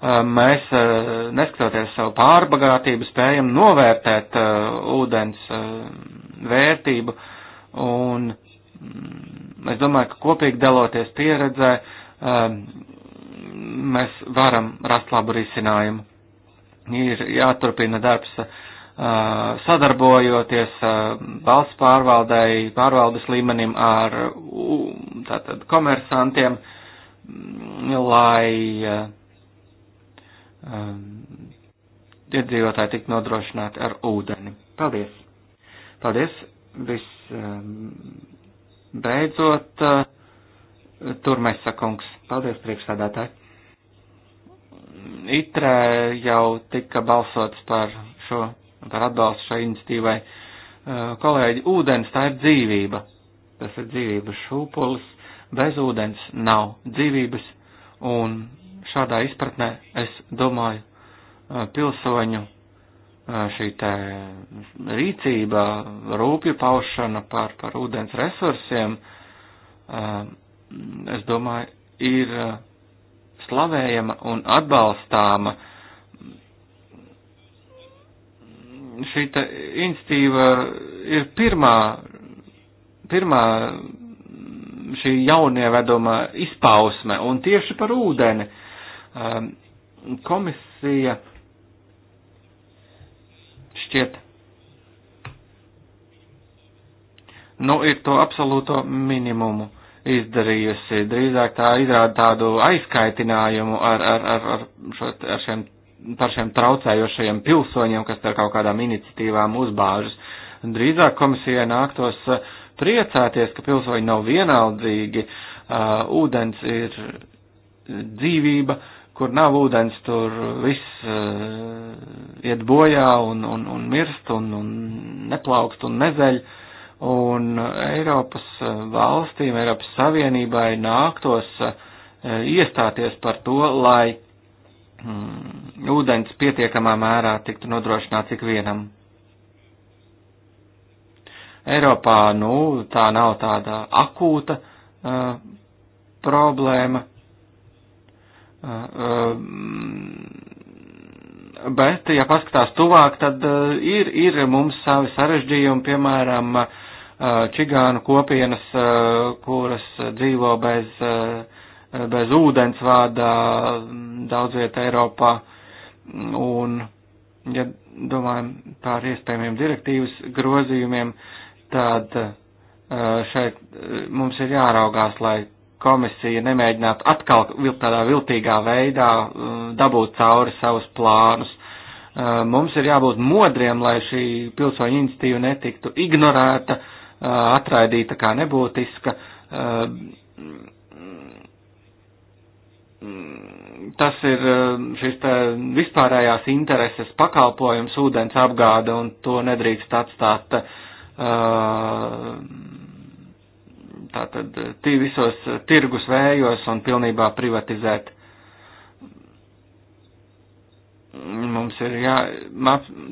Uh, mēs, uh, neskatoties savu pārbagātību, spējam novērtēt uh, ūdens vērtību, un mm, es domāju, ka kopīgi daloties pieredzē, um, mēs varam rast labu risinājumu. Ir jāturpina darbs sadarbojoties valsts pārvaldei, pārvaldes līmenim ar tātad, komersantiem, mm, lai um, iedzīvotāji tiktu nodrošināti ar ūdeni. Paldies! Paldies! Viss um, beidzot, uh, tur mēs sakungs. Paldies, priekšsādātāji! Itrē jau tika balsots par šo, par atbalstu šai iniciatīvai. Uh, kolēģi, ūdens tā ir dzīvība. Tas ir dzīvības šūpulis. Bez ūdens nav dzīvības, un Šādā izpratnē es domāju eh, pilsoņu eh, šī te rīcība, rūpju paušana par, par ūdens resursiem, eh, es domāju, ir slavējama un atbalstāma. Šī te institīva ir pirmā, pirmā šī jaunieveduma izpausme un tieši par ūdeni. Ehm, komisija šķiet. Nu, ir to absolūto minimumu izdarījusi. Drīzāk tā izrāda tādu aizkaitinājumu ar, ar, ar, ar, šo, ar šiem, par šiem traucējošajiem pilsoņiem, kas ar kaut kādām iniciatīvām uzbāžas. Drīzāk komisijai nāktos eh, priecāties, ka pilsoņi nav vienaldzīgi, uh, ūdens ir dzīvība, uh, kur nav ūdens, tur viss uh, iet bojā un, un, un mirst un, un neplaukst un nezeļ. Un Eiropas eh, valstīm, Eiropas Savienībai nāktos uh, iestāties par to, lai mm, ūdens pietiekamā mērā tiktu nodrošināts ikvienam. Eiropā, nu, tā nav tāda akūta uh, problēma, Uh, uh, bet, ja paskatās tuvāk, tad uh, ir, ir mums savi sarežģījumi, piemēram, čigānu kopienas, kuras dzīvo bez, bez ūdensvādā daudz vietā Eiropā. Un, ja domājam par iespējamiem direktīvas grozījumiem, tad šeit mums ir jāraugās, lai komisija nemēģinātu atkal tādā viltīgā veidā uh, dabūt cauri savus plānus. Uh, mums ir jābūt modriem, lai šī pilsoņu institīva netiktu ignorēta, uh, atraidīta kā nebūtiska. Tas ir šis vispārējās intereses pakalpojums, ūdens apgāde, un to nedrīkst atstāt uh, tātad eh, tī visos eh, tirgus vējos un pilnībā privatizēt. Mums ir jā,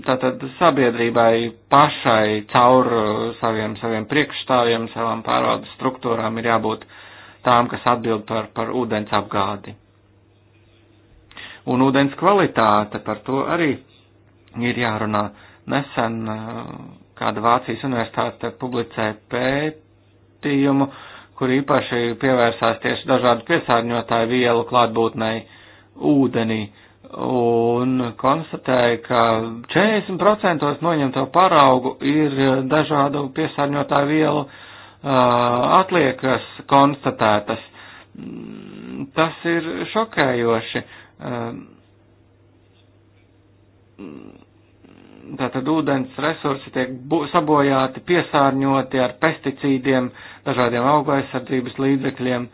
tātad sabiedrībai pašai caur eh, saviem, saviem priekšstāviem, savām pārvaldes struktūrām ir jābūt tām, kas atbild par, par ūdens apgādi. Un ūdens kvalitāte, par to arī ir jārunā. Nesen kāda Vācijas universitāte publicēja pēt, pētījumu, kur īpaši pievērsās tieši dažādu piesārņotāju vielu klātbūtnei ūdenī un konstatēja, ka 40% noņemto paraugu ir dažādu piesārņotāju vielu uh, atliekas konstatētas. Tas ir šokējoši. Uh, tātad ūdens resursi tiek sabojāti, piesārņoti ar pesticīdiem, dažādiem augu aizsardzības līdzekļiem,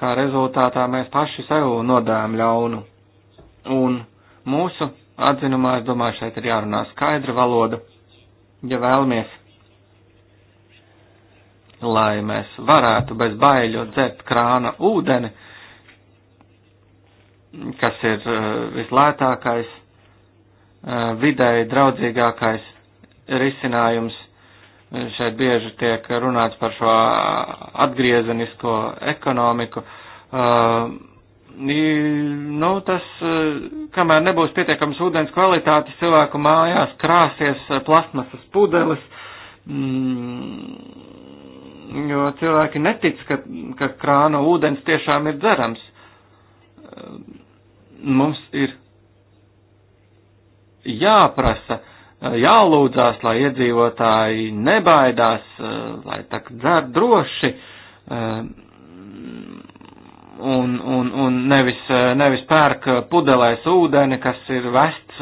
kā rezultātā mēs paši sev nodējam ļaunu. Un mūsu atzinumā, es domāju, šeit ir jārunā skaidra valoda, ja vēlamies, lai mēs varētu bez baiļu dzert krāna ūdeni, kas ir eh, vislētākais vidēji draudzīgākais risinājums. Šeit bieži tiek runāts par šo atgriezenisko ekonomiku. Nu, tas, kamēr nebūs pietiekams ūdens kvalitātes, cilvēku mājās krāsies plasmasas pudeles, mm, jo cilvēki netic, ka, ka krāna ūdens tiešām ir dzerams. Mums ir jāprasa, eh, jālūdzās, lai iedzīvotāji nebaidās, eh, lai tā dzer droši eh, un, un, un nevis, nevis pērk pudelēs ūdeni, kas ir vests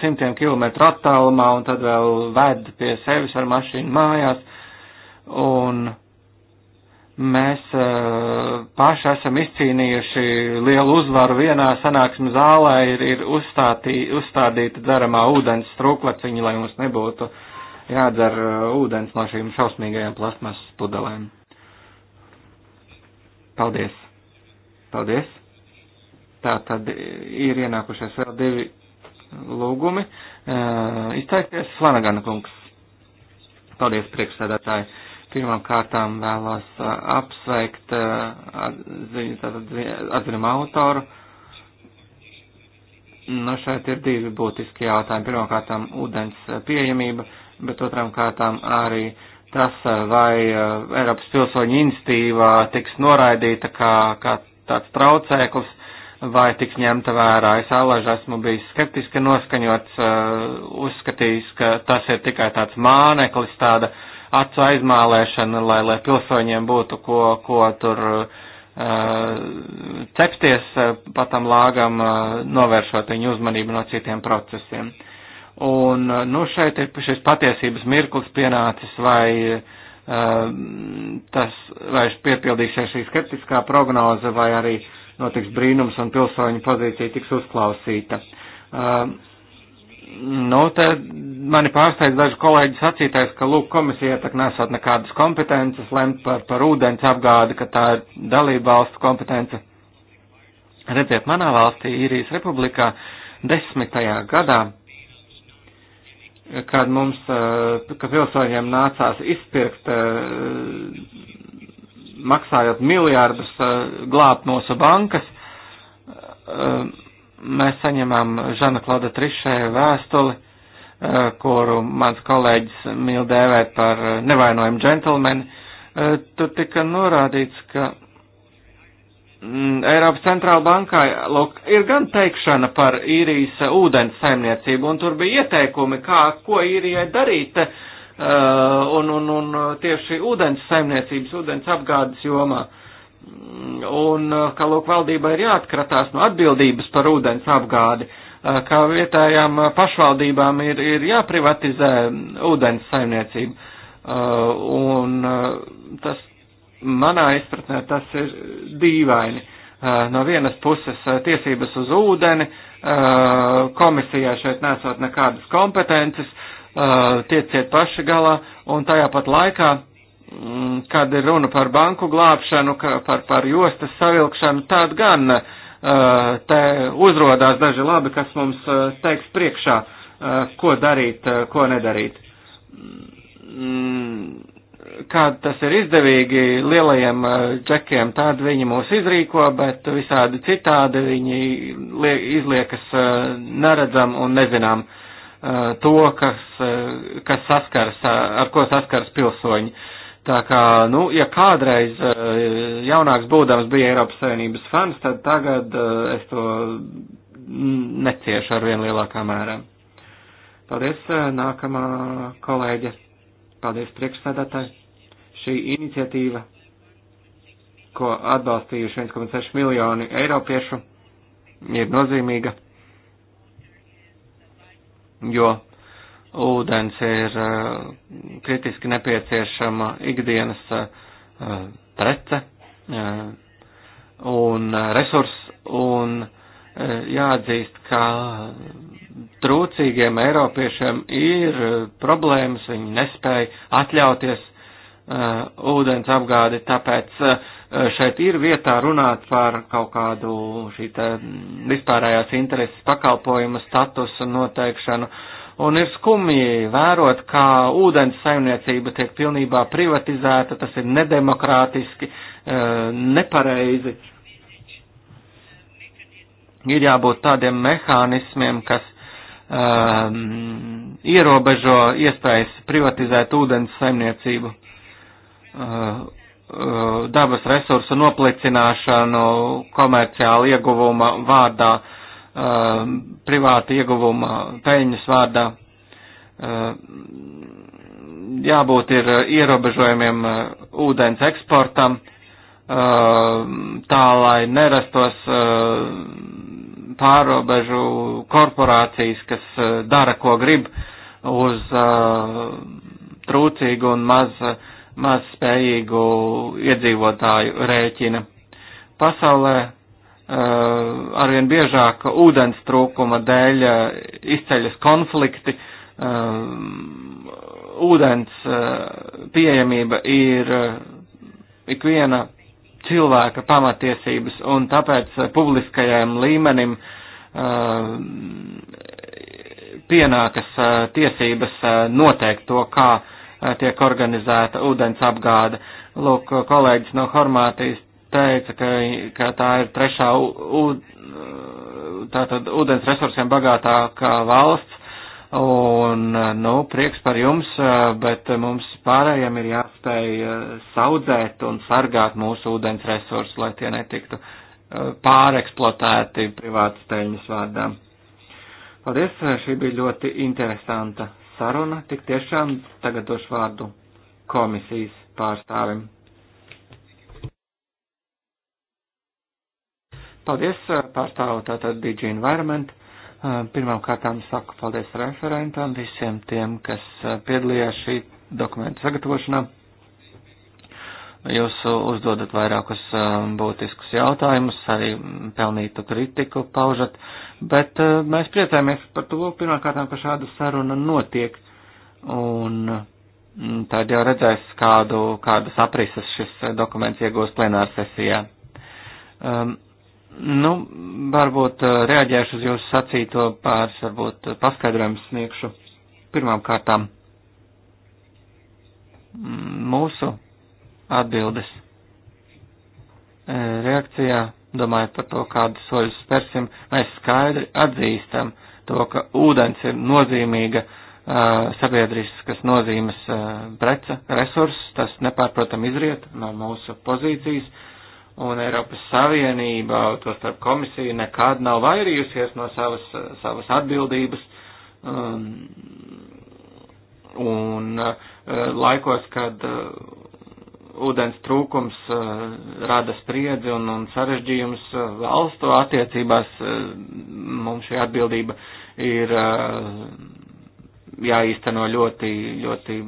simtiem kilometru attālumā un tad vēl ved pie sevis ar mašīnu mājās. Un, Mēs uh, paši esam izcīnījuši lielu uzvaru vienā sanāksmes zālē, ir, ir uzstātī, uzstādīta dzeramā ūdens trūklaciņa, lai mums nebūtu jādzer uh, ūdens no šīm šausmīgajām plasmasas pudelēm. Paldies! Paldies! Tā tad ir ienākušies vēl divi lūgumi. Uh, izteikties Flanagana kungs. Paldies, priekšsēdētāji. Pirmām kārtām vēlos uh, apsveikt uh, atzinumu autoru. Nu, šeit ir divi būtiski jautājumi. Pirmām kārtām ūdens pieejamība, bet otrām kārtām arī tas, uh, vai Eiropas pilsoņu institīva tiks noraidīta kā, kā tāds traucēklis, vai tiks ņemta vērā. Es alaži esmu bijis skeptiski noskaņots, uzskatījis, ka tas ir tikai tāds māneklis, tāda acu aizmālēšana, lai, lai pilsoņiem būtu ko, ko tur cepties pa tam lāgam, novēršot viņu uzmanību no citiem procesiem. Un, nu, šeit ir šis patiesības mirklis pienācis, vai tas, vai piepildīsies šī skeptiskā prognoze, vai arī notiks brīnums un pilsoņu pozīcija tiks uzklausīta. Uh, Nu, te mani pārsteidz daži kolēģi sacītais, ka, lūk, komisija tak nesot nekādas kompetences lemt par, par ūdens apgādi, ka tā ir dalība valsts kompetence. Redziet, manā valstī, Īrijas republikā, desmitajā gadā, kad mums, eh, ka pilsoņiem nācās izpirkt, eh, maksājot miljārdus eh, glābt mūsu bankas, Mēs saņemam Žana Klauda Trišē vēstuli, eh, kuru mans kolēģis mīl dēvēt par eh, nevainojumu džentlmeni. Eh, tur tika norādīts, ka mm, Eiropas centrāla bankai lūk, ir gan teikšana par īrijas ūdens saimniecību, un tur bija ieteikumi, kā, ko īrijai darīt, uh, un, un, un tieši ūdens saimniecības, ūdens apgādes jomā. Uh, un eh, ka lūk valdība ir jāatkratās no atbildības par ūdens apgādi, eh, ka vietējām eh, pašvaldībām ir, ir jāprivatizē mm, ūdens saimniecība. Un tas manā izpratnē tas ir dīvaini. No vienas puses tiesības uz ūdeni, komisijā šeit nesot nekādas kompetences, tieciet paši galā, un tajā pat laikā Mm, kad ir runa par banku glābšanu, par, par jostas savilkšanu, tad gan uh, te uzrodās daži labi, kas mums uh, teiks priekšā, uh, ko darīt, uh, ko nedarīt. Mm, kad tas ir izdevīgi lielajiem uh, džekiem, tad viņi mūs izrīko, bet visādi citādi viņi lie, izliekas uh, neredzam un nezinām uh, to, kas, uh, kas saskars, uh, ar ko saskars pilsoņi. Uh, Tā kā, nu, ja kādreiz eh, jaunāks būdams bija Eiropas Savienības fans, tad tagad eh, es to neciešu ar vien lielākā mērā. Paldies, eh, nākamā kolēģe. Paldies, priekšsēdētāji. Šī iniciatīva, ko atbalstījuši 1,6 miljoni eiropiešu, ir nozīmīga, jo ūdens ir eh, kritiski nepieciešama ikdienas eh, prece eh, un resurs, un jāatzīst, ka trūcīgiem Eiropiešiem ir problēmas, viņi nespēja atļauties ūdens apgādi, tāpēc šeit ir vietā runāt par kaut kādu šī vispārējās intereses pakalpojuma statusu noteikšanu. Uh, Un ir skumji vērot, kā ūdens saimniecība tiek pilnībā privatizēta, tas ir nedemokrātiski, eh, nepareizi. Ir jābūt tādiem mehānismiem, kas um, ierobežo iespējas privatizēt ūdens saimniecību, uh, uh, dabas resursu noplicināšanu komerciāla ieguvuma vārdā. Uh, Um, privāta ieguvuma peļņas vārdā. Um, jābūt ir ierobežojumiem uh, ūdens eksportam, um, tā lai nerastos uh, pārobežu korporācijas, kas uh, dara, ko grib, uz trūcīgu un maz, maz spējīgu iedzīvotāju rēķina. Pasaulē Eh, arvien biežāk ūdens trūkuma dēļ eh, izceļas konflikti. Eh, ūdens pieejamība ir ikviena cilvēka pamatiesības, un tāpēc publiskajam līmenim pienākas tiesības noteikt to, kā tiek organizēta ūdens apgāde. Lūk, kolēģis no Hormātijas teica, ka, ka tā ir trešā u, tātad, ūdens resursiem bagātākā valsts. Un, nu, prieks par jums, bet mums pārējiem ir jāspēj eh, saudzēt un sargāt mūsu ūdens resursus, lai tie netiktu eh, pāreksploatēti privātas peļņas vārdā. Paldies, šī bija ļoti interesanta saruna. Tik tiešām tagad došu vārdu komisijas pārstāvim. Paldies, pārstāvu tātad DG Environment. Pirmām kārtām saku paldies referentam, visiem tiem, kas piedalījās šī dokumenta sagatavošanā. Jūs uzdodat vairākus būtiskus jautājumus, arī pelnītu kritiku paužat, bet mēs priecājamies par to, pirmkārtām, ka šāda saruna notiek, un tad jau redzēs, kādu, kādas aprises šis dokuments iegūs plenārsesijā. Um, Nu, varbūt uh, reaģēšu uz jūsu sacīto pāris, varbūt uh, paskaidrojums sniegšu. Pirmām kārtām mm, mūsu atbildes e, reakcijā, domājot par to, kādu soļus spērsim, mēs skaidri atzīstam to, ka ūdens ir nozīmīga e, sabiedriskas nozīmes e, prece, resurss, tas nepārprotam izriet no mūsu pozīcijas un Eiropas Savienība, to starp komisiju, nekad nav vairījusies no savas, savas atbildības. Um, un uh, laikos, kad uh, ūdens trūkums uh, rada spriedzi un, un sarežģījums uh, valstu attiecībās, uh, mums šī atbildība ir uh, jāīsteno ļoti, ļoti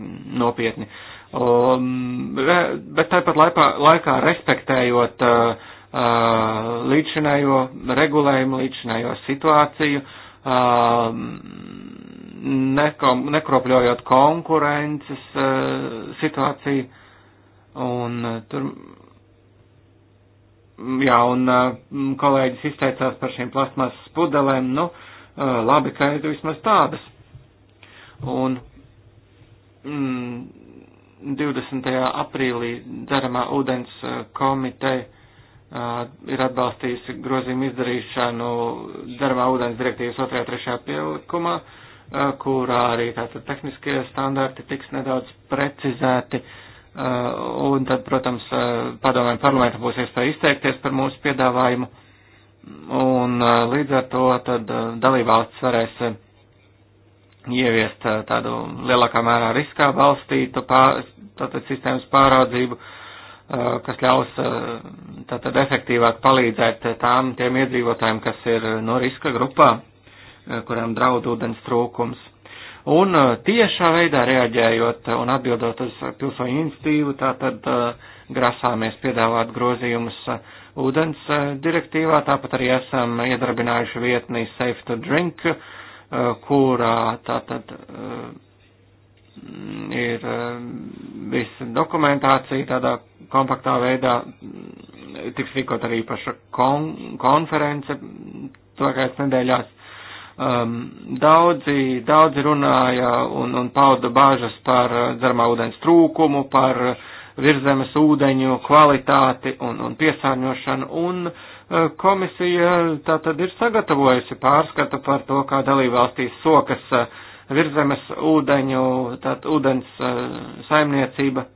nopietni. Uh, um, re, bet tāpat laipā, laikā respektējot uh, uh, līdzinējo regulējumu, līdzinējo situāciju, uh, nekom, nekropļojot konkurences uh, situāciju. Un uh, tur jā, un uh, kolēģis izteicās par šīm plasmasas pudelēm, nu, uh, labi, ka ir vismaz tādas. Un, mm, 20. aprīlī dzeramā ūdens eh, komiteja uh, ir atbalstījusi grozījumu izdarīšanu dzeramā ūdens direktīvas 2. un 3. pielikumā, uh, kurā arī tātad tehniskie standarti tiks nedaudz precizēti. Uh, un tad, protams, padomēm parlamentam būs iespēja izteikties par mūsu piedāvājumu. Un līdz ar to tad dalībvalsts varēs ieviest tādu lielākā mērā riskā balstītu pār, tātad sistēmas pārādzību, kas ļaus tātad efektīvāk palīdzēt tām tiem iedzīvotājiem, kas ir no riska grupā, kurām draud ūdens trūkums. Un tiešā veidā reaģējot un atbildot uz pilsoņu institīvu, tātad grasāmies piedāvāt grozījumus ūdens direktīvā, tāpat arī esam iedarbinājuši vietnī Safe to Drink, uh, kurā tātad eh, ir eh, visa dokumentācija tādā kompaktā veidā, mm, tiks rīkot arī paša kon konference tuvākajās nedēļās. Um, daudzi, daudzi runāja un, un pauda bāžas par eh, dzeramā ūdens trūkumu, par virzemes ūdeņu kvalitāti un, un piesārņošanu, un uh, komisija tā tad ir sagatavojusi pārskatu par to, kā dalībvalstīs sokas eh, virzemes ūdeņu, tātad ūdens eh, saimniecība,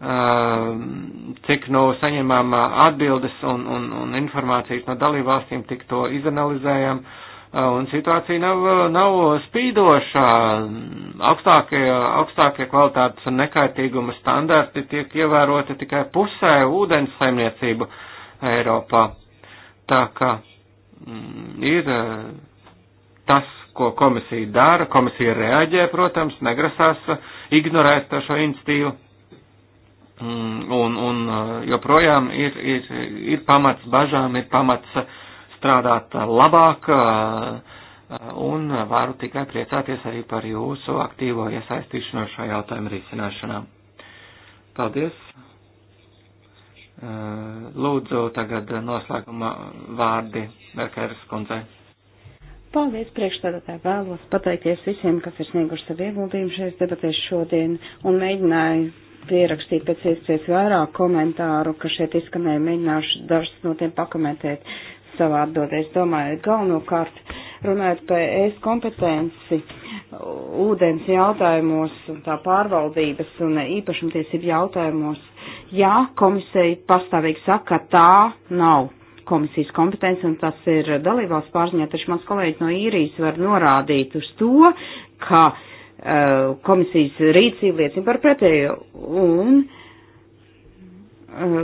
eh, cik no saņemām atbildes un, un, un informācijas no dalībvalstīm, tik to izanalizējam. Un situācija nav, nav spīdošā. Augstākie, augstākie kvalitātes un nekaitīguma standarti tiek ievēroti tikai pusē ūdens saimniecību uh, Eiropā. Tā kā mm, ir eh, tas, ko komisija dara, komisija reaģē, protams, negrasās eh, ignorēt šo institīvu. Mm, un, un eh, joprojām ir, ir, ir pamats bažām, ir pamats strādāt labāk, un varu tikai priecāties arī par jūsu aktīvo iesaistīšanos šajā jautājuma risināšanā. Paldies! Eh, lūdzu, tagad noslēguma vārdi Merkēras kundzei. Paldies priekšstādātāji vēlos pateikties visiem, kas ir snieguši savu ieguldījumu šajās debatēs šodien un mēģināju pierakstīt pēc iespējas vairāk komentāru, kas šeit izskanēja, mēģināšu dažus no tiem pakomentēt savā atbildē. Es domāju, galvenokārt runājot par es kompetenci ūdens jautājumos un tā pārvaldības un īpašumtiesību jautājumos, jā, komisija pastāvīgi saka, ka tā nav komisijas kompetence un tas ir dalībvalsts pārziņā, taču mans kolēģis no īrijas var norādīt uz to, ka uh, komisijas rīcība liecina par pretējo un uh,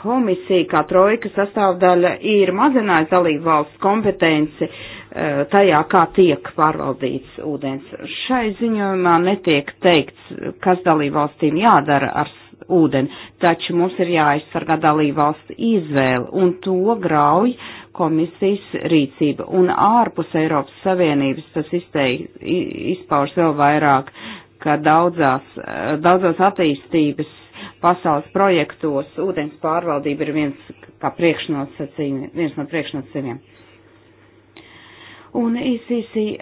komisija kā trojka sastāvdaļa ir mazinājusi dalību valsts kompetenci E, tajā, kā tiek pārvaldīts ūdens. Šai ziņojumā netiek teikts, kas dalībvalstīm jādara ar ūdeni, taču mums ir jāaizsargā dalībvalstu izvēle, un to grauj komisijas rīcība. Un ārpus Eiropas Savienības tas izteik, izpauž vēl vairāk, ka daudzās, e, daudzās attīstības pasaules projektos ūdens pārvaldība ir viens, kā priekšnosacījumi, viens no priekšnosacījumiem. Un ICCI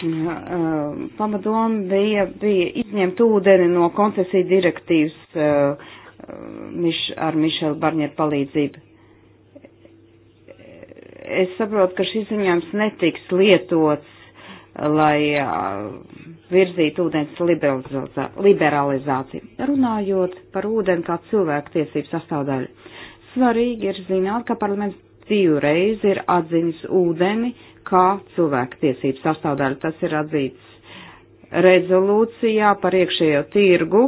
e uh, um, pamatoma bija, bija izņemt ūdeni no koncesiju direktīvas uh, uh miš, ar Mišelu Barņietu palīdzību. Es saprotu, ka šis ziņojums netiks lietots, lai uh, virzītu ūdens liberalizāciju. Runājot par ūdeni kā cilvēku tiesību sastāvdaļu, svarīgi ir zināt, ka parlaments divreiz ir atzinis ūdeni kā cilvēku tiesību sastāvdaļu. Tas ir atzīts rezolūcijā par iekšējo tirgu,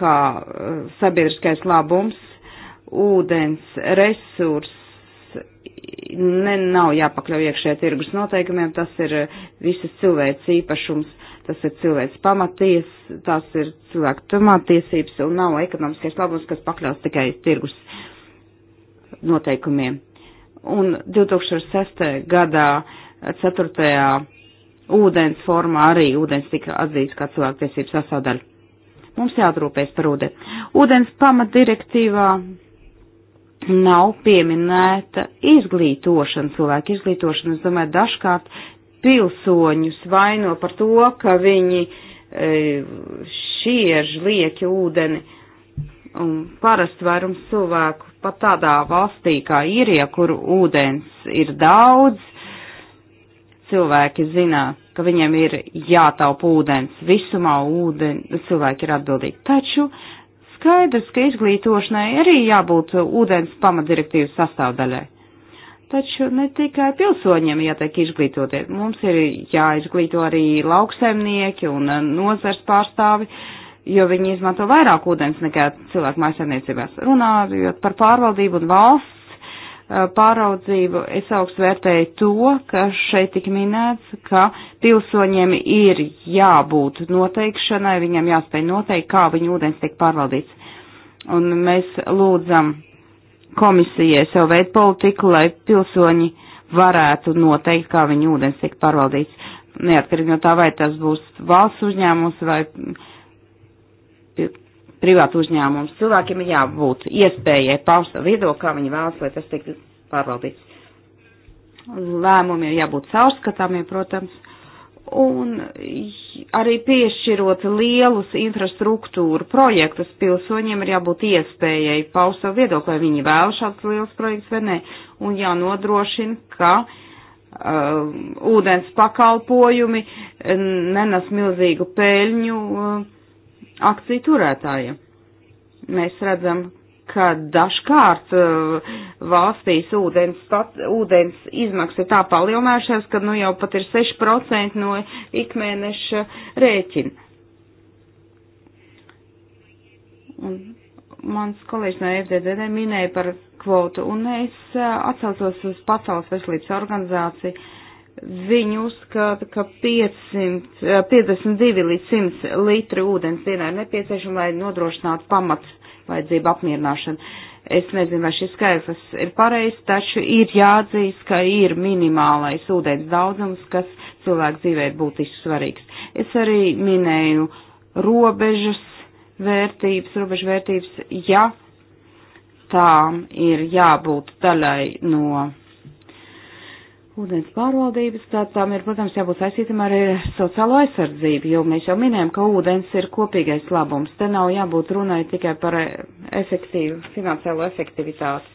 kā eh, sabiedriskais labums, ūdens resurs ne, nav jāpakļauj iekšējā tirgus noteikumiem, tas ir visas cilvēks īpašums, tas ir cilvēks pamaties, tas ir cilvēku tumātiesības un nav ekonomiskais labums, kas pakļaus tikai tirgus noteikumiem. Un 2006. gadā 4. ūdens formā arī ūdens tika atzīts kā cilvēktiesības sasādaļa. Mums jāatrūpēs par ūdeni. Ūdens pamatdirektīvā nav pieminēta izglītošana, cilvēku izglītošana. Es domāju, dažkārt pilsoņus vaino par to, ka viņi e, šiež lieki ūdeni Un parasti vairums cilvēku pat tādā valstī kā īrija, kur ūdens ir daudz, cilvēki zina, ka viņiem ir jātaupa ūdens, visumā ūdeni, cilvēki ir atbildīgi. Taču skaidrs, ka izglītošanai arī jābūt ūdens pamatdirektīvas sastāvdaļai. Taču ne tikai pilsoņiem jātiek izglītotie, mums ir jāizglīto arī lauksaimnieki un nozars pārstāvi. Uh, jo viņi izmanto vairāk ūdens nekā cilvēku mājasarniecībās. Runājot par pārvaldību un valsts eh, pāraudzību, es augstu vērtēju to, ka šeit tik minēts, ka pilsoņiem ir jābūt noteikšanai, viņam jāspēj noteikt, kā viņu ūdens tiek pārvaldīts. Un mēs lūdzam komisijai sev veidu politiku, lai pilsoņi varētu noteikt, kā viņu ūdens tiek pārvaldīts. Neatkarīgi no tā, vai tas būs valsts uzņēmums vai uh, privātu uzņēmumus. Cilvēkiem ir jābūt iespējai paust savu viedokli, kā viņi vēlas, lai tas tiktu pārvaldīts. Lēmumi ir jābūt caurskatāmiem, protams, un arī piešķirot lielus infrastruktūru projektus pilsoņiem ir jābūt iespējai paust savu viedokli, vai viņi vēl šāds liels projekts vai nē, un jānodrošina, ka uh, ūdens pakalpojumi nenes milzīgu peļņu. Uh, akciju turētājiem. Mēs redzam, ka dažkārt uh, valstīs ūdens, pat, ūdens izmaksas ir tā palielinājušās, ka nu jau pat ir 6% no ikmēneša rēķina. Un mans kolēģis no FDD minēja par kvotu, un es uh, atsaucos uz Pasaules veselības organizāciju, Viņi uzskata, ka 552 eh, līdz 100 litri ūdens dienā ir nepieciešama, lai nodrošinātu pamats vajadzību apmierināšanu. Es nezinu, vai šis skaitlis ir pareizs, taču ir jāatzīst, ka ir minimālais ūdens daudzums, kas cilvēku dzīvē ir būtiski svarīgs. Es arī minēju robežas vērtības, robežu vērtības, ja tām ir jābūt daļai no ūdens pārvaldības, tad tām ir, protams, jābūt saistītam arī ar sociālo aizsardzību, jo mēs jau minējam, ka ūdens ir kopīgais labums. Te nav jābūt runai tikai par efektīvu, finansiālo efektivitāti.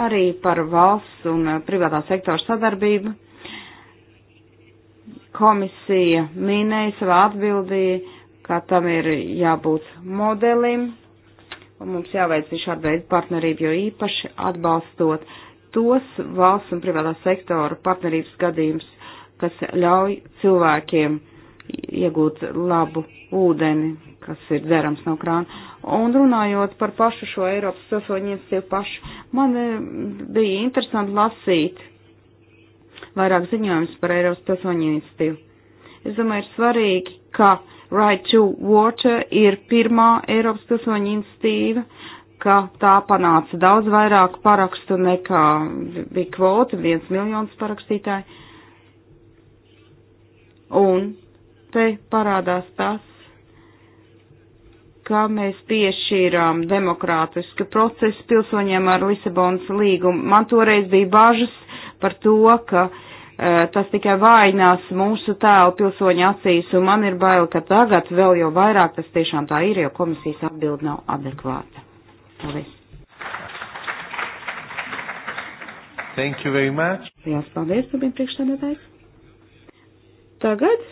Arī par valsts un eh, privātā sektora sadarbību. Komisija minēja savā atbildī, ka tam ir jābūt modelim, un mums jāveic šāda veida partnerība, jo īpaši atbalstot uh, tos valsts un privātā sektora partnerības gadījumus, kas ļauj cilvēkiem iegūt labu ūdeni, kas ir dzerams no krāna. Un runājot par pašu šo Eiropas pilsoņu iniciatīvu pašu, man eh, bija interesanti lasīt vairāk ziņojumus par Eiropas pilsoņu iniciatīvu. Es domāju, ir svarīgi, ka Right to Water ir pirmā Eiropas pilsoņu iniciatīva, ka tā panāca daudz vairāk parakstu nekā bija kvota, viens miljons parakstītāji. Un te parādās tas, ka mēs piešķīrām demokrātisku procesu pilsoņiem ar Lisabonas līgumu. Man toreiz bija bažas par to, ka uh, tas tikai vainās mūsu tēlu pilsoņu acīs, un man ir bail, ka tagad vēl jau vairāk tas tiešām tā ir, jo komisijas atbild nav adekvāta. Paldies! Thank you very much. Lielas paldies, turpina priekšstādātājs. Tagad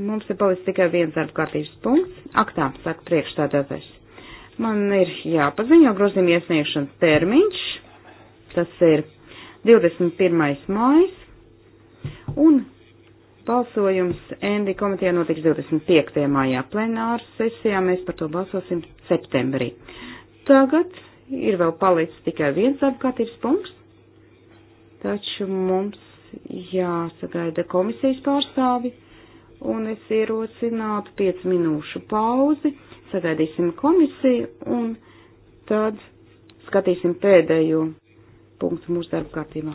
mums ir palicis tikai viens darba kārtības punkts. Aktā, saka priekšstādātājs. Man ir jāpaziņo grozījuma iesniegšanas termiņš. Tas ir 21. mājas. Un Balsojums Endi komitejā notiks 25. maijā plenāru sesijā, mēs par to balsosim septembrī. Tagad ir vēl palicis tikai viens apkārtības punkts, taču mums jāsagaida komisijas pārstāvi, un es ierosinātu 5 minūšu pauzi, sagaidīsim komisiju, un tad skatīsim pēdējo punktu mūsu darba kārtībā.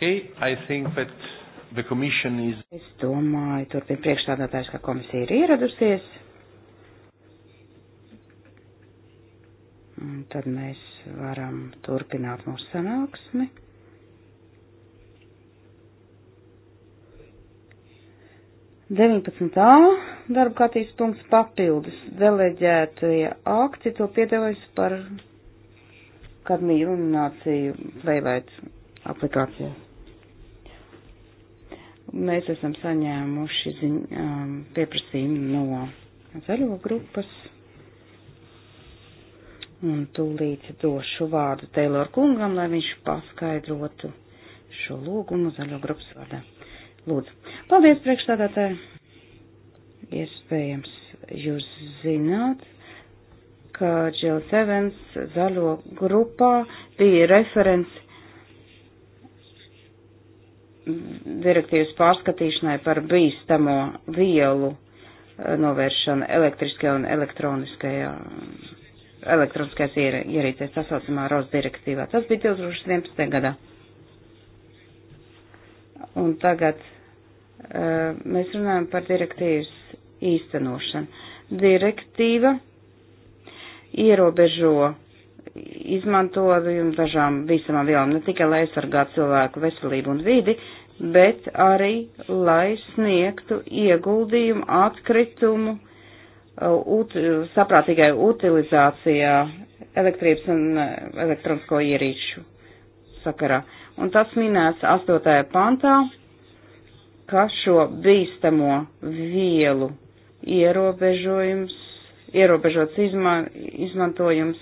Okay, I think that the commission is. Es domāju, turpin priekšstādātājs, ka komisija ir ieradusies. Un tad mēs varam turpināt mūsu sanāksmi. Deviņpadsmitā darba kārtības punkts papildus deleģētie akti to piedalās par kadmiju un nāciju veivēt aplikācijas. Mēs esam saņēmuši ziņ, um, pieprasījumu no zaļo grupas. Un tūlīt došu vārdu Taylor kungam, lai viņš paskaidrotu šo lūgumu zaļo grupas vārdā. Lūdzu. Paldies, priekšstādātāji. Iespējams, jūs zināt, ka Džils Evans zaļo grupā bija referents direktīvas pārskatīšanai par bīstamo vielu eh, novēršanu elektriskajā un elektroniskajā elektroniskais ierīcēs, tā saucamā ROS direktīvā. Tas bija 2011. gadā. Un tagad uh, mēs runājam par direktīvas īstenošanu. Direktīva ierobežo izmantojumu dažām bīstamām vielām, ne tikai lai aizsargātu cilvēku veselību un vidi, bet arī, lai sniegtu ieguldījumu atkritumu uh, ut, saprātīgai utilizācijā elektrības un uh, elektronisko ierīču sakarā. Un tas minēts 8. pantā, ka šo bīstamo vielu ierobežojums, ierobežots izma, izmantojums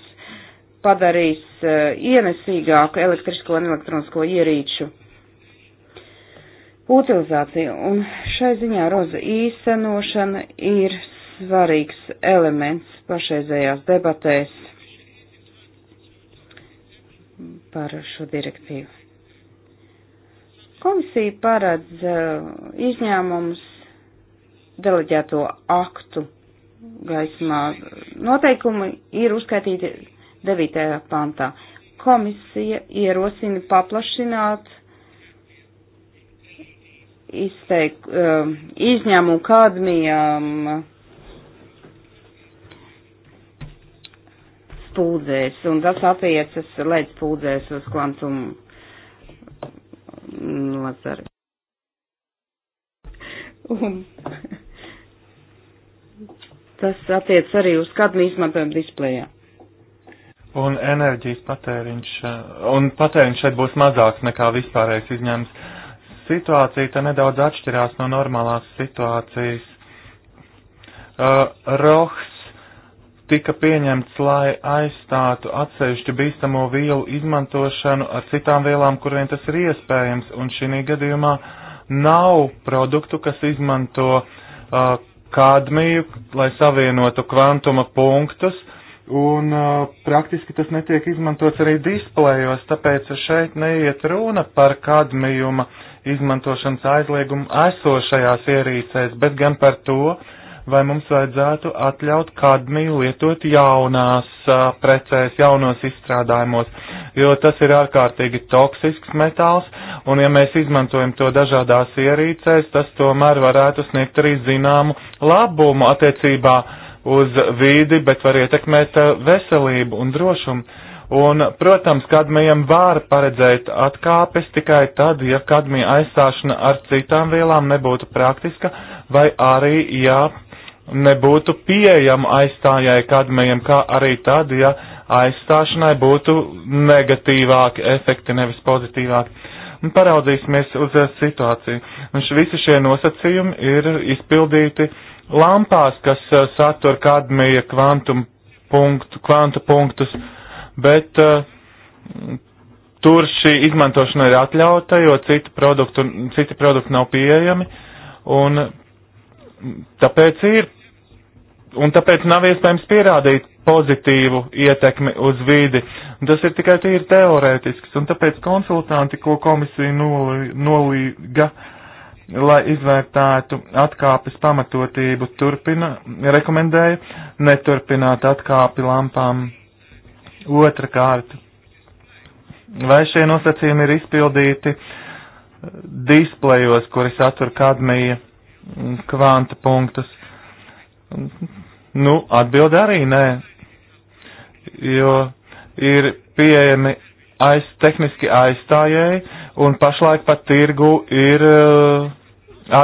padarīs uh, ienesīgāku elektrisko un elektronisko ierīču utilizāciju, un šai ziņā roza īstenošana ir svarīgs elements pašreizējās debatēs par šo direktīvu. Komisija paredz uh, izņēmumus deleģēto aktu gaismā. Noteikumi ir uzskaitīti 9. pantā. Komisija ierosina paplašināt uh, izteik, um, izņemu kadmijam spūdzēs, un tas attiecas leģ spūdzēs uz kvantumu lazari. Un um. tas attiec arī uz kadmiju izmantojumu displejā. Un enerģijas patēriņš, uh, un patēriņš šeit būs mazāks nekā vispārējais izņēmums situācija te nedaudz atšķirās no normālās situācijas. Uh, Rohs tika pieņemts, lai aizstātu atsevišķu bīstamo vielu izmantošanu ar citām vielām, kur vien tas ir iespējams, un šī gadījumā nav produktu, kas izmanto uh, kādmiju, lai savienotu kvantuma punktus, un uh, praktiski tas netiek izmantots arī displejos, tāpēc šeit neiet runa par kādmijuma uh, izmantošanas aizliegumu esošajās ierīcēs, bet gan par to, vai mums vajadzētu atļaut kadmiju lietot jaunās uh, precēs, jaunos izstrādājumos, jo tas ir ārkārtīgi toksisks metāls, un ja mēs izmantojam to dažādās ierīcēs, tas tomēr varētu sniegt arī zināmu labumu attiecībā uz vīdi, bet var ietekmēt uh, veselību un drošumu. Un, protams, kadmijam var paredzēt atkāpes tikai tad, ja kadmija aizstāšana ar citām vielām nebūtu praktiska, vai arī, ja nebūtu pieejama aizstājai kadmijam, kā arī tad, ja aizstāšanai būtu negatīvāki efekti, nevis pozitīvāki. Un paraudzīsimies uz eh, situāciju. Un š, visi šie nosacījumi ir izpildīti lampās, kas eh, satur kadmija kvantum punktu, kvantu punktus. Mm bet eh, tur šī izmantošana ir atļauta, jo citi produkti, citi produkti nav pieejami, un tāpēc ir, un tāpēc nav iespējams pierādīt pozitīvu ietekmi uz vidi. Tas ir tikai tīri teorētisks, un tāpēc konsultanti, ko komisija nolīga, lai izvērtētu atkāpes pamatotību, turpina, rekomendēja neturpināt atkāpi lampām Otrakārt, vai šie nosacījumi ir izpildīti displejos, kuri satur kadmija kvanta punktus? Nu, atbild arī nē, jo ir pieejami aiz, tehniski aizstājēji, un pašlaik pat tirgu ir uh,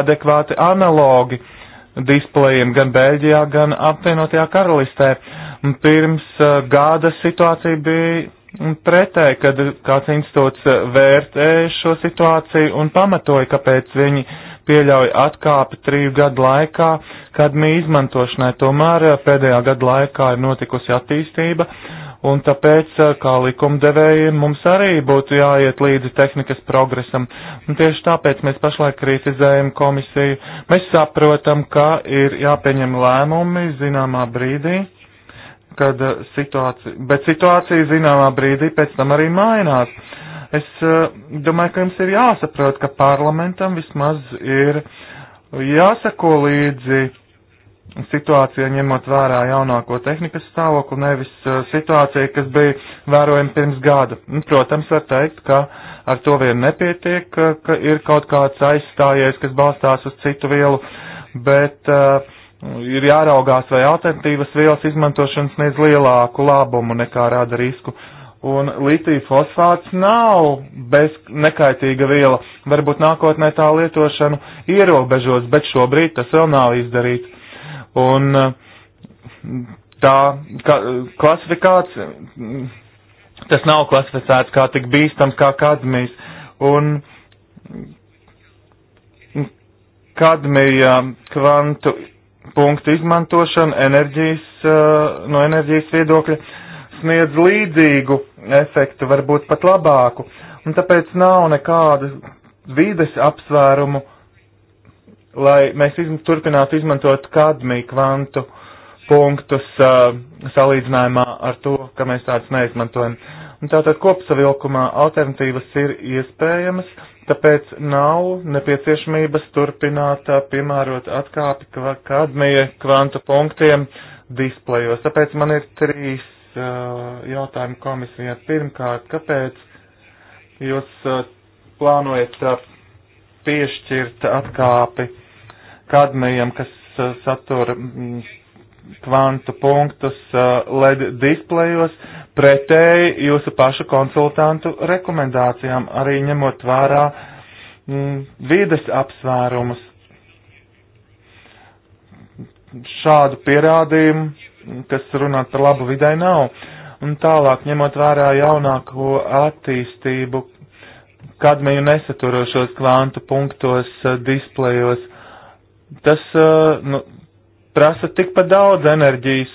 adekvāti analogi. Uh, displejiem gan Bēļģijā, gan apvienotajā karalistē. Pirms uh, gada situācija bija pretēji, kad kāds institūts uh, vērtēja šo situāciju un pamatoja, kāpēc viņi pieļauj atkāpi triju gadu laikā, kad mī izmantošanai tomēr uh, pēdējā gadu laikā ir notikusi attīstība. Uh, un tāpēc, kā likumdevējiem, mums arī būtu jāiet līdzi tehnikas progresam. Un tieši tāpēc mēs pašlaik kritizējam komisiju. Mēs saprotam, ka ir jāpieņem lēmumi zināmā brīdī, kad situācija, bet situācija zināmā brīdī pēc tam arī mainās. Es domāju, ka jums ir jāsaprot, ka parlamentam vismaz ir jāsako līdzi situācija, ņemot vērā jaunāko tehnikas stāvokli, nevis uh, situācija, kas bija vērojama pirms gada. Nu, protams, var teikt, ka ar to vien nepietiek, ka, ka ir kaut kāds aizstājies, kas balstās uz citu vielu, bet uh, ir jāraugās, vai alternatīvas vielas izmantošanas sniedz lielāku labumu nekā rada risku. Un litija fosfāts nav bez nekaitīga viela. Varbūt nākotnē tā lietošanu ierobežos, bet šobrīd tas vēl nav izdarīts un eh, tā ka, klasifikācija, tas nav klasificēts kā tik bīstams kā kadmijs, un kadmija kvantu punktu izmantošana enerģijas, eh, no enerģijas viedokļa sniedz līdzīgu efektu, varbūt pat labāku, un tāpēc nav nekādu vides apsvērumu lai mēs izm turpinātu izmantot kadmiju kvantu punktus uh, salīdzinājumā ar to, ka mēs tādus neizmantojam. Un tātad kopsavilkumā alternatīvas ir iespējamas, tāpēc nav nepieciešamības turpināt uh, piemērot atkāpi kva kadmija kvantu punktiem displejos. Tāpēc man ir trīs uh, jautājumi komisijā. Pirmkārt, kāpēc jūs uh, plānojat uh, piešķirt atkāpi? kadmijam, kas uh, satura mm, kvantu punktus uh, LED displejos, pretēji jūsu pašu konsultantu rekomendācijām, arī ņemot vērā mm, vides apsvērumus. Šādu pierādījumu, kas runāt par labu vidai, nav. Un tālāk, ņemot vērā jaunāko attīstību, kadmiju nesaturošos kvantu punktos, uh, displejos, tas nu, prasa tikpat daudz enerģijas,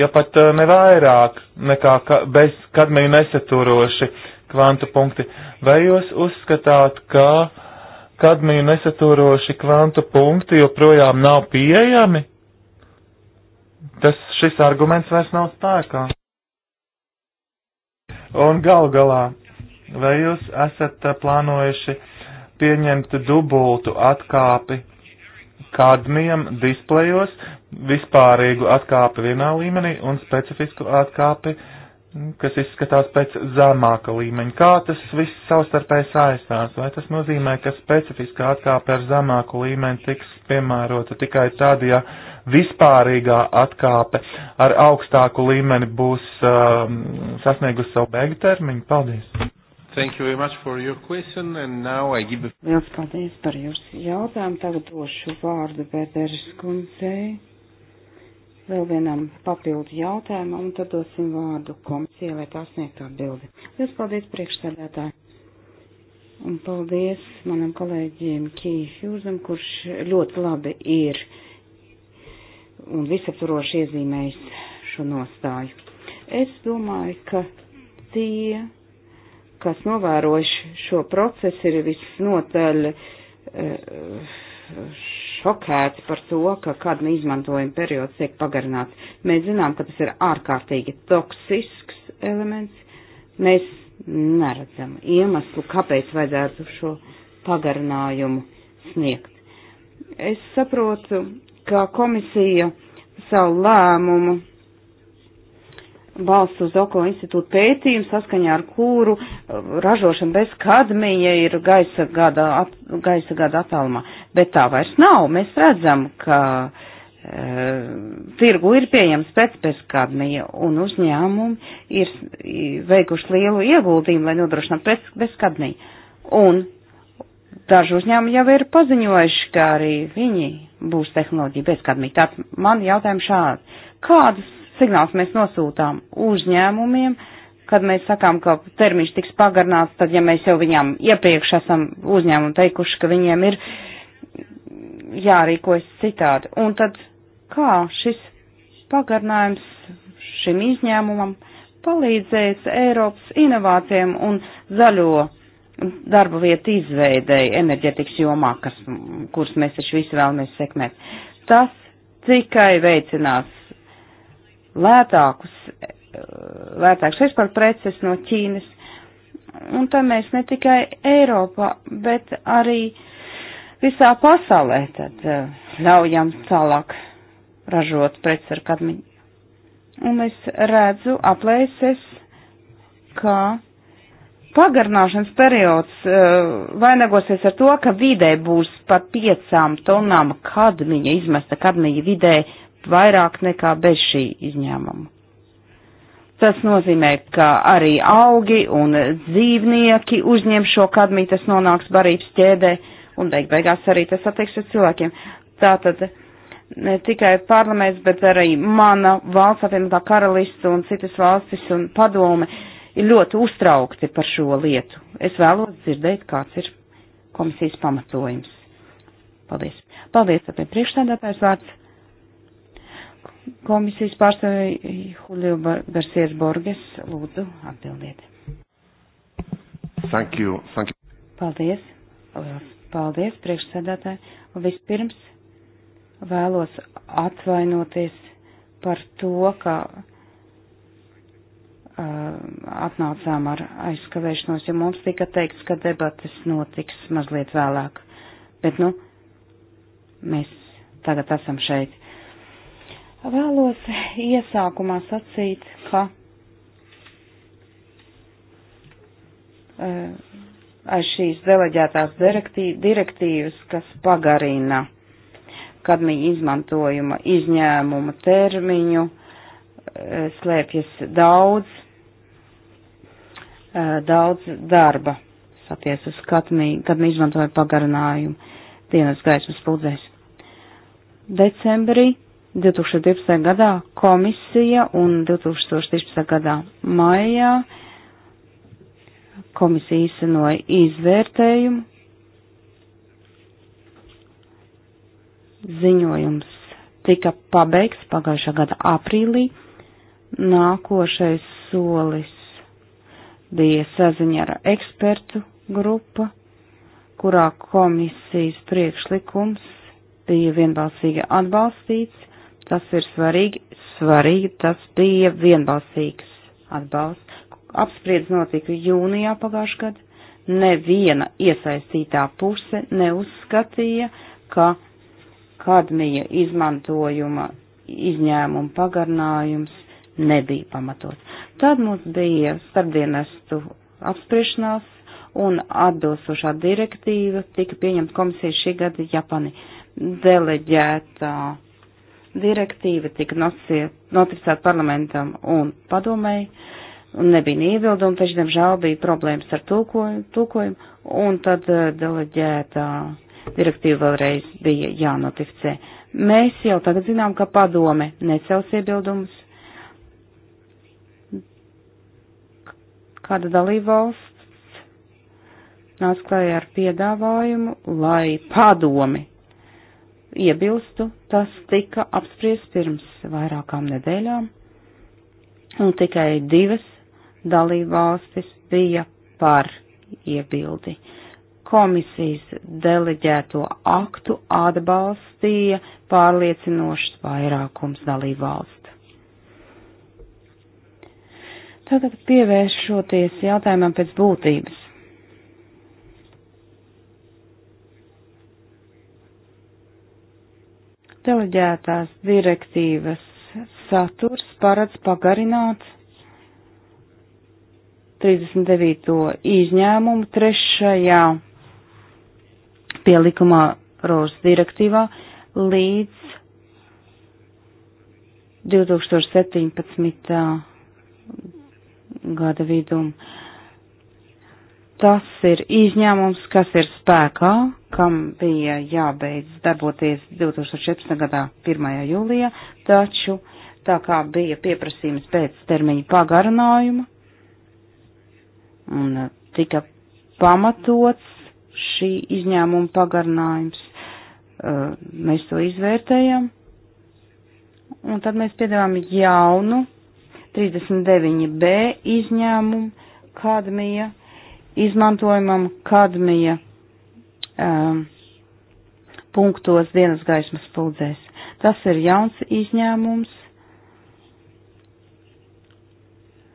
ja pat ne vairāk nekā ka, bez kadmiju nesaturoši kvantu punkti. Vai jūs uzskatāt, ka kadmiju nesaturoši kvantu punkti joprojām nav pieejami? Tas šis arguments vairs nav spēkā. Un gal galā, vai jūs esat plānojuši pieņemt dubultu atkāpi kadmiem displejos, vispārīgu atkāpi vienā līmenī un specifisku atkāpi, kas izskatās pēc zemāka līmeņa. Kā tas viss savstarpēji saistās? Vai tas nozīmē, ka specifiskā atkāpe ar zemāku līmeni tiks piemērota tikai tad, ja vispārīgā atkāpe ar augstāku līmeni būs um, sasniegusi savu beigu termiņu? Paldies! Thank you very much for your question, and now I give the... Liels paldies par jūsu jautājumu. Tagad došu vārdu Pēteris kundzei. Vēl vienam papildu jautājumam, un tad dosim vārdu komisijai, lai tā sniegtu atbildi. Liels paldies priekšsēdētāji. Un paldies manam kolēģiem Kīhjūzam, kurš ļoti labi ir un visaptvaroši iezīmējis šo nostāju. Es domāju, ka tie kas novērojuši šo procesu, ir visnotaļ eh, šokēti par to, ka kādam izmantojuma periods tiek pagarināts. Mēs zinām, ka tas ir ārkārtīgi toksisks elements. Mēs neredzam iemeslu, kāpēc vajadzētu šo pagarinājumu sniegt. Es saprotu, ka komisija savu lēmumu balsts uz Oko institūta pētījumu, saskaņā ar kuru uh, ražošana bez kadmija ir gaisa gada, at, gaisa gada attālumā. Bet tā vairs nav. Mēs redzam, ka e, tirgu ir pieejams pēc bez kadmija, un uzņēmumi ir veikuši lielu ieguldījumu, lai nodrošinātu pēc bez kadmija. Un daži uzņēmumi jau ir paziņojuši, ka arī viņi būs tehnoloģija bez kadmija. Tātad man jautājums šādi. Kādas signāls mēs nosūtām uzņēmumiem, kad mēs sakām, ka termiņš tiks pagarnāts, tad ja mēs jau viņām iepriekš esam uzņēmumu teikuši, ka viņiem ir jārīkojas citādi. Un tad kā šis pagarnājums šim izņēmumam palīdzēs Eiropas inovācijām un zaļo darba vietu izveidēji enerģetikas jomā, kas, kuras mēs taču visi vēlamies sekmēt. Tas tikai veicinās lētākus, lētākus eksporta preces no Ķīnas. Un tā mēs ne tikai Eiropā, bet arī visā pasaulē tad eh, ļaujam tālāk ražot preces ar kadmiņu. Un es redzu aplēses, ka pagarināšanas periods uh, vainagosies ar to, ka vidē būs par piecām tonām kadmiņa izmesta kadmiņa vidē vairāk nekā bez šī izņēmuma. Tas nozīmē, ka arī augi un dzīvnieki uzņem šo kadmiju, tas nonāks barības ķēdē, un beig beigās arī tas attieks uz cilvēkiem. Tātad ne tikai parlaments, bet arī mana valsts apvienotā karalista un citas valstis un padome ir ļoti uztraukti par šo lietu. Es vēlos dzirdēt, kāds ir komisijas pamatojums. Paldies. Paldies, tāpēc priekšstādātājs vārds komisijas pārstāvi Julio Garcies Borges, lūdzu atbildiet. Thank you, thank you. Paldies, paldies priekšsēdētāji. Vispirms vēlos atvainoties par to, ka uh, atnācām ar aizskavēšanos, ja mums tika teikts, ka debatas notiks mazliet vēlāk. Bet, nu, mēs tagad esam šeit. Vēlos iesākumā sacīt, ka e, aiz šīs deleģētās direktīvas, kas pagarina kadmija izmantojuma izņēmuma termiņu, e, slēpjas daudz, e, daudz darba, saties uz kadmiju, kadmija izmantoja pagarinājumu dienas gaismas pludzēs. Decembrī 2012. gadā komisija un 2013. gadā maijā komisija īstenoja izvērtējumu. Ziņojums tika pabeigts pagājušā gada aprīlī. Nākošais solis bija saziņa ar ekspertu grupu, kurā komisijas priekšlikums bija vienbalsīgi atbalstīts Tas ir svarīgi, svarīgi, tas bija vienbalsīgs atbalsts. Apspriedz notika jūnijā pagājušajā gadā. Neviena iesaistītā puse neuzskatīja, ka kadmija izmantojuma izņēmuma pagarinājums nebija pamatots. Tad mums bija starpdienestu apspriešanās un atbilstošā direktīva tika pieņemta komisija šī gada Japani deleģētā direktīva tika notificēta parlamentam un padomēji, un nebija neiebildumu, taču, diemžēl, bija problēmas ar tulkojumu, tulkojumu un tad eh, deleģētā direktīva vēlreiz bija jānotificē. Mēs jau tagad zinām, ka padome necels iebildumus. Kāda dalībvalsts nāca klājā ar piedāvājumu, lai padomi iebilstu, tas tika apspriests pirms vairākām nedēļām, un tikai divas dalībvalstis bija par iebildi. Komisijas deleģēto aktu atbalstīja pārliecinošs vairākums dalībvalstu. Tātad pievēršoties jautājumam pēc būtības. Deleģētās direktīvas saturs paredz pagarināt 39. izņēmumu trešajā pielikumā Rožas direktīvā līdz 2017. gada vidum. Uh, Tas ir izņēmums, kas ir spēkā, kam bija jābeidz darboties 2014. gadā 1. jūlijā, taču tā kā bija pieprasījums pēc termiņa pagarinājuma un tika pamatots šī izņēmuma pagarinājums, mēs to izvērtējam un tad mēs piedāvājam jaunu 39b izņēmumu kadmija izmantojumam kadmija um, punktos dienas gaismas spuldzēs. Tas ir jauns izņēmums.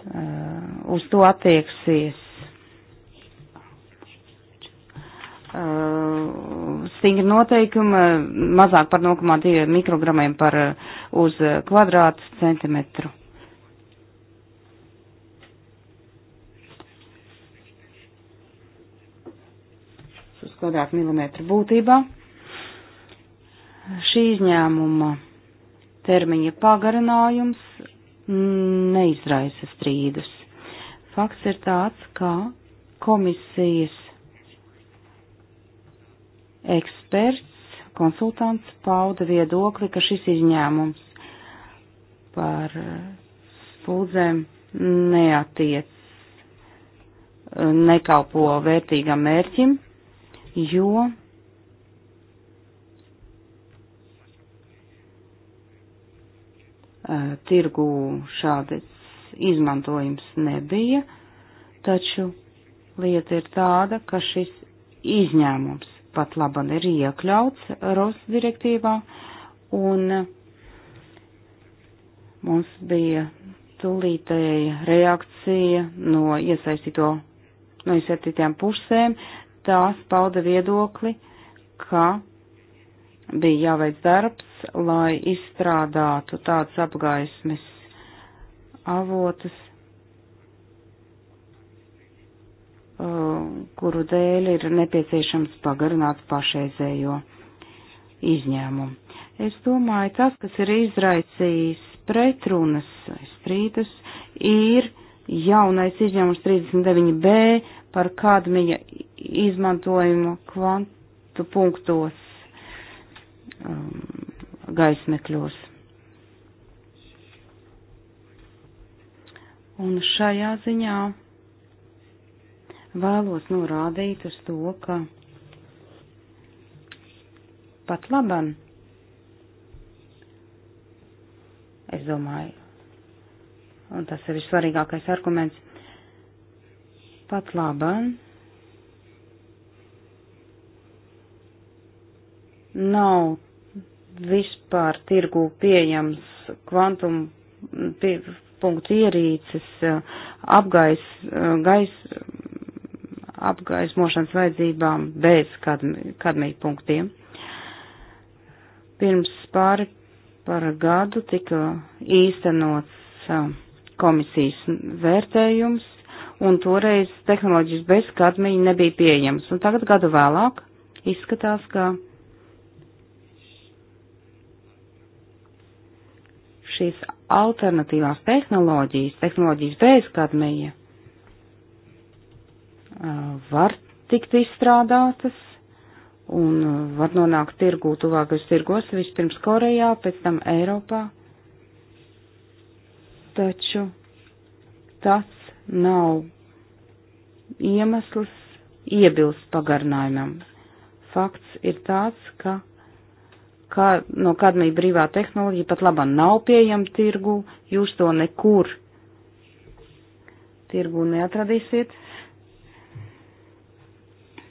Uh, uz to attieksies uh, stingri noteikumi mazāk par 0,2 mikrogramiem par uh, uz uh, kvadrātu centimetru. kvadrātmilimetru būtībā. Šī izņēmuma termiņa pagarinājums neizraisa strīdus. Fakts ir tāds, ka komisijas eksperts, konsultants pauda viedokli, ka šis izņēmums par spuldzēm neatiec, nekalpo vērtīgam mērķim, jo tirgu šādas izmantojums nebija, taču lieta ir tāda, ka šis izņēmums pat laban ir iekļauts ROS direktīvā, un mums bija tūlītēja reakcija no iesaistīto, no iesaistītām pusēm, tās pauda viedokli, ka bija jāveic darbs, lai izstrādātu tādas apgaismes avotas, uh, kuru dēļ ir nepieciešams pagarināt pašreizējo izņēmumu. Es domāju, tas, kas ir izraicījis pretrunas vai strīdus, ir jaunais izņēmums 39b par kādmija izmantojumu kvantu punktos um, gaismekļos. Un šajā ziņā vēlos norādīt uz to, ka pat laban, es domāju, un tas ir svarīgākais arguments, pat laban nav vispār tirgū pieejams kvantum pie, punktu ierīces eh, apgais, eh, gais, apgaismošanas vajadzībām bez kadmī, kadmī punktiem. Pirms pāri par gadu tika īstenots eh, komisijas vērtējums, un toreiz tehnoloģijas bez kadmī nebija pieejams. Un tagad gadu vēlāk izskatās, ka šīs alternatīvās tehnoloģijas, tehnoloģijas bez kadmeja, var tikt izstrādātas un var nonākt tirgū tuvākajos tirgos, vispirms Korejā, pēc tam Eiropā. Taču tas nav iemesls iebilst pagarinājumam. Fakts ir tāds, ka kā, no kadmija brīvā tehnoloģija pat labā nav pieejama tirgu, jūs to nekur tirgu neatradīsiet.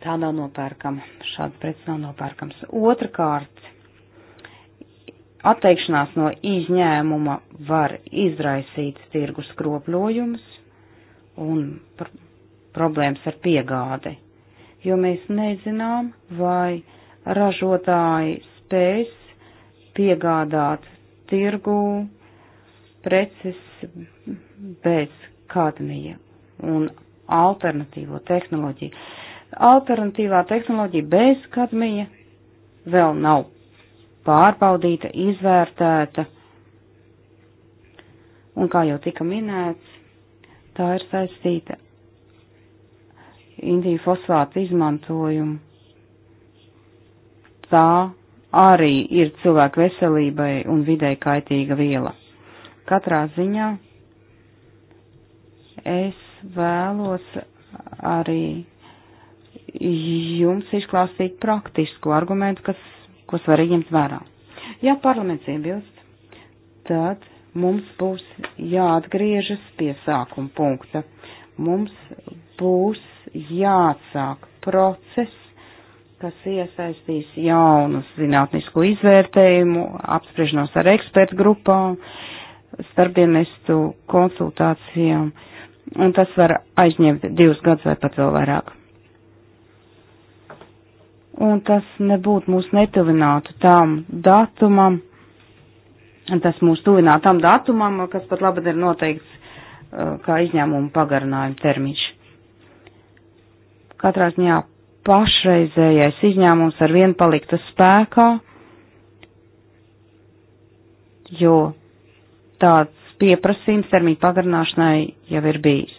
Tā nav nopērkama, šāda preci nav nopērkams. Otrakārt, atteikšanās no izņēmuma var izraisīt tirgus kropļojumus un pr problēmas ar piegādi, jo mēs nezinām, vai ražotāji spēs piegādāt tirgu preces bez kadmija un alternatīvo tehnoloģiju. Alternatīvā tehnoloģija bez kadmija vēl nav pārbaudīta, izvērtēta, un kā jau tika minēts, tā ir saistīta indiju fosfātu izmantojumu. Tā arī ir cilvēku veselībai un videi kaitīga viela. Katrā ziņā es vēlos arī jums izklāstīt praktisku argumentu, kas, ko svarīgi ņemt vērā. Ja parlaments iebilst, tad mums būs jāatgriežas pie sākuma punkta. Mums būs jāatsāk process kas iesaistīs jaunus zinātnisku izvērtējumu, apspriežnos ar ekspertu grupām, starpdienestu konsultācijām, un tas var aizņemt divus gadus vai pat vēl vairāk. Un tas nebūtu mūs netuvinātu tām datumam, tas mūs tuvinātu tam datumam, kas pat labad ir noteikts uh, kā izņēmuma pagarinājuma termiņš. Katrā ziņā pašreizējais izņēmums ar vienu paliktu spēkā, jo tāds pieprasījums termiņu pagarināšanai jau ir bijis.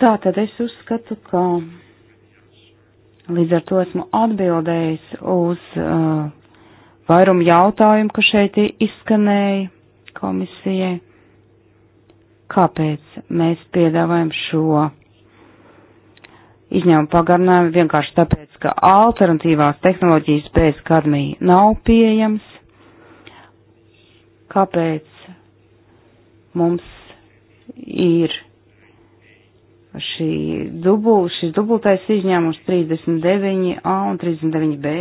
Tā tad es uzskatu, ka līdz ar to esmu atbildējis uz uh, vairumu jautājumu, kas šeit izskanēja komisijai. Kāpēc mēs piedāvājam šo izņēmumu pagarinājumu vienkārši tāpēc, ka alternatīvās tehnoloģijas bez kadmija nav pieejams. Kāpēc mums ir šī dubul, šis dubultais izņēmums 39A un 39B?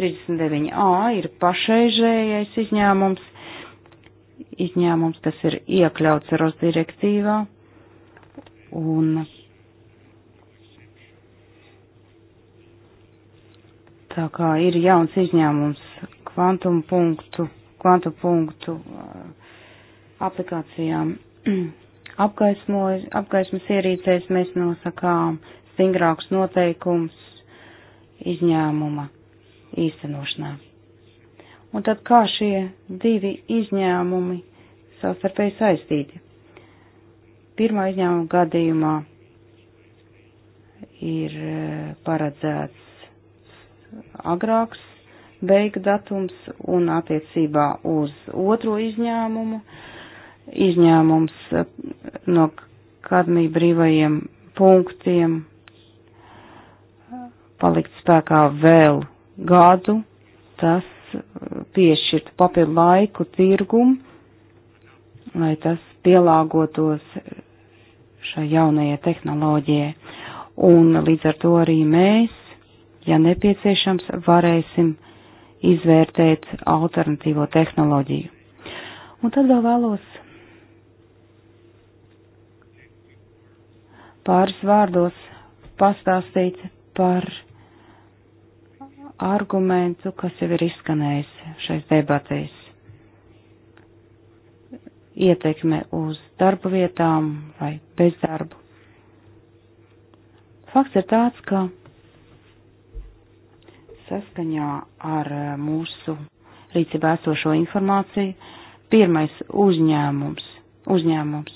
39A ir pašreizējais izņēmums, izņēmums, kas ir iekļauts Eros direktīvā. Un Tā kā ir jauns izņēmums kvantum punktu, kvantu punktu uh, aplikācijām (clears throat) apgaismas ierīcēs mēs nosakām stingrāks noteikums izņēmuma īstenošanā. Un tad kā šie divi izņēmumi savstarpēji saistīti? Pirmā izņēmuma gadījumā ir uh, paredzēts agrāks beiga datums un attiecībā uz otro izņēmumu. Izņēmums eh, no kadmī brīvajiem punktiem eh, palikt spēkā vēl gadu, tas eh, piešķirtu papildu laiku tirgumu, lai tas pielāgotos šai jaunajai tehnoloģijai. Un līdz ar to arī mēs ja nepieciešams, varēsim izvērtēt alternatīvo tehnoloģiju. Un tad vēl vēlos pāris vārdos pastāstīt par argumentu, kas jau ir izskanējis šais debatēs. Ietekme uz darba vietām vai bezdarbu. Fakts ir tāds, ka saskaņā ar eh, mūsu rīcībā esošo informāciju. Pirmais uzņēmums, uzņēmums,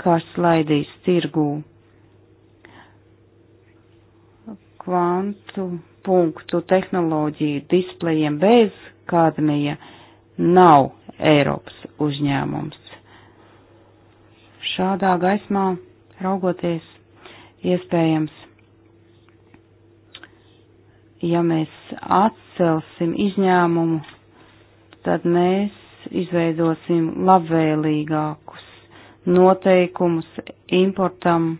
kas laidīs tirgū kvantu punktu tehnoloģiju displejiem bez kadmija, nav Eiropas uzņēmums. Šādā gaismā raugoties, iespējams ja mēs atcelsim izņēmumu, tad mēs izveidosim labvēlīgākus noteikumus importam.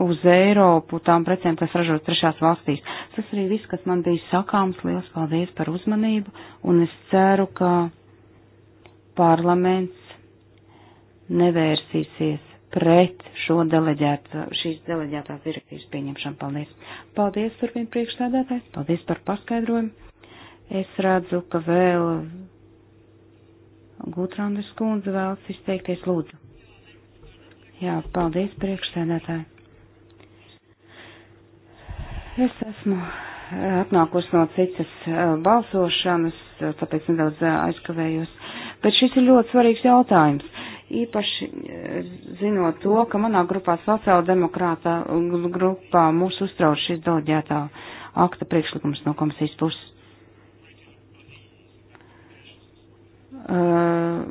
uz Eiropu tām precēm, kas ražotas trešās valstīs. Tas arī viss, kas man bija sakāms. Liels paldies par uzmanību, un es ceru, ka parlaments nevērsīsies pret šo deleģēta, šīs deleģētās direktīvas pieņemšanu. Paldies! Paldies, turpin priekšstādātājs! Paldies par paskaidrojumu! Es redzu, ka vēl Gutrandes kundze vēlas izteikties lūdzu. Jā, paldies priekšstādātāji! Es esmu atnākus no citas eh, balsošanas, tāpēc nedaudz eh, aizkavējos. Bet šis ir ļoti svarīgs jautājums īpaši eh, zinot to, ka manā grupā sociāldemokrātā grupā mūs uztrauc šis doģētā akta priekšlikums no komisijas puses. Uh,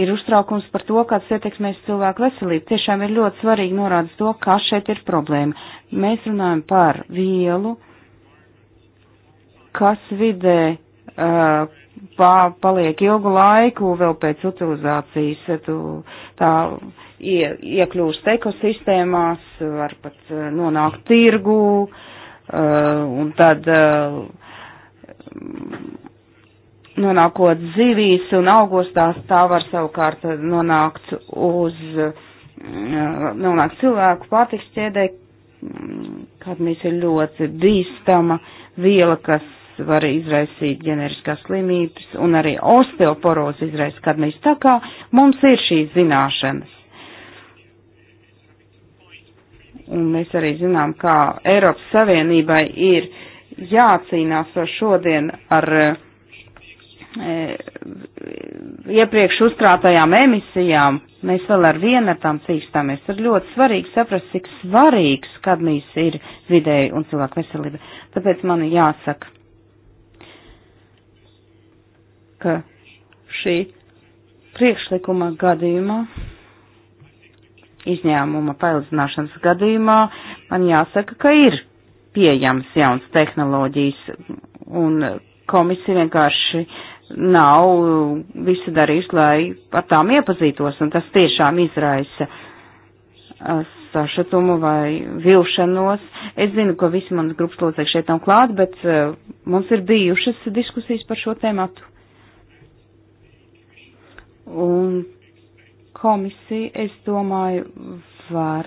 ir uztraukums par to, kāds ietekmēs cilvēku veselību. Tiešām ir ļoti svarīgi norādīt to, kā šeit ir problēma. Mēs runājam par vielu, kas vidē uh, pā, paliek ilgu laiku vēl pēc utilizācijas, eh, tu tā ie, iekļūst ekosistēmās, var pat eh, nonākt tirgu, eh, un tad nonākot zivīs un augostās, tā var savukārt nonākt uz, nonākt cilvēku pārtiks ķēdē, mm, kad mēs ir ļoti bīstama viela, kas var izraisīt ģeneriskās slimības un arī osteoporozi izraisa kadmijs. Tā kā mums ir šīs zināšanas. Un mēs arī zinām, kā Eiropas Savienībai ir jācīnās ar šodien ar e, iepriekš uzkrātajām emisijām. Mēs vēl ar vienu ar tām cīkstāmies. Ir ļoti svarīgi saprast, cik svarīgs kadmijs ir vidēji un cilvēku veselība. Tāpēc man jāsaka ka šī priekšlikuma gadījumā, izņēmuma paildzināšanas gadījumā, man jāsaka, ka ir pieejams jauns tehnoloģijas un komisija vienkārši nav visu darījusi, lai ar tām iepazītos, un tas tiešām izraisa uh, sašutumu vai vilšanos. Es zinu, ka visi manas grupas locekļi šeit nav klāt, bet uh, mums ir bijušas diskusijas par šo tēmatu. Un komisija, es domāju, var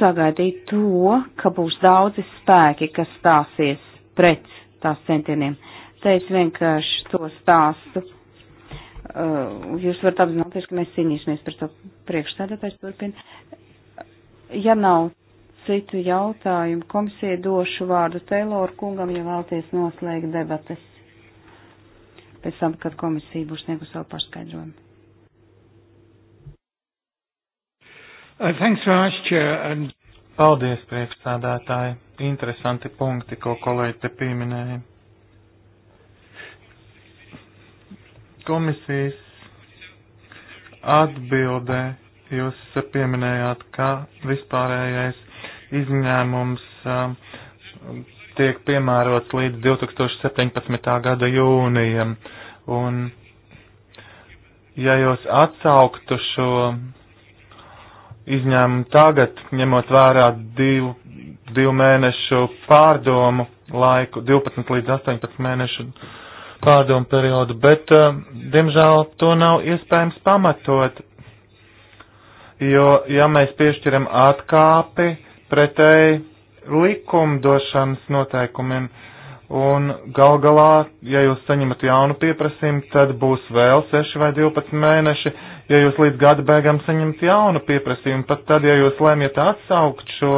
sagaidīt to, ka būs daudzi spēki, kas stāsies pret tās centieniem. Te es vienkārši to stāstu. Uh, jūs varat apzināties, ka mēs cīnīsimies par to priekšstādātais turpin. Ja nav citu jautājumu, komisija došu vārdu Teiloru kungam, ja vēlties noslēgt debates pēc tam, kad komisija būs sniegusi savu paskaidrojumu. Uh, thanks very much, Chair. And... Paldies, priekšsādātāji. Interesanti punkti, ko kolēģi te pieminēja. Komisijas atbildē jūs pieminējāt, ka vispārējais izņēmums um, tiek piemērots līdz 2017. gada jūnijam. Un, ja jūs atsauktu šo izņēmumu tagad, ņemot vērā divu, divu mēnešu pārdomu laiku, 12 līdz 18 mēnešu pārdomu periodu, bet, eh, diemžēl, to nav iespējams pamatot, jo, ja mēs piešķiram atkāpi, pretēji likumdošanas noteikumiem. Un gal galā, ja jūs saņemat jaunu pieprasījumu, tad būs vēl 6 vai 12 mēneši. Ja jūs līdz gada beigām saņemat jaunu pieprasījumu, pat tad, ja jūs lemjat atsaukt šo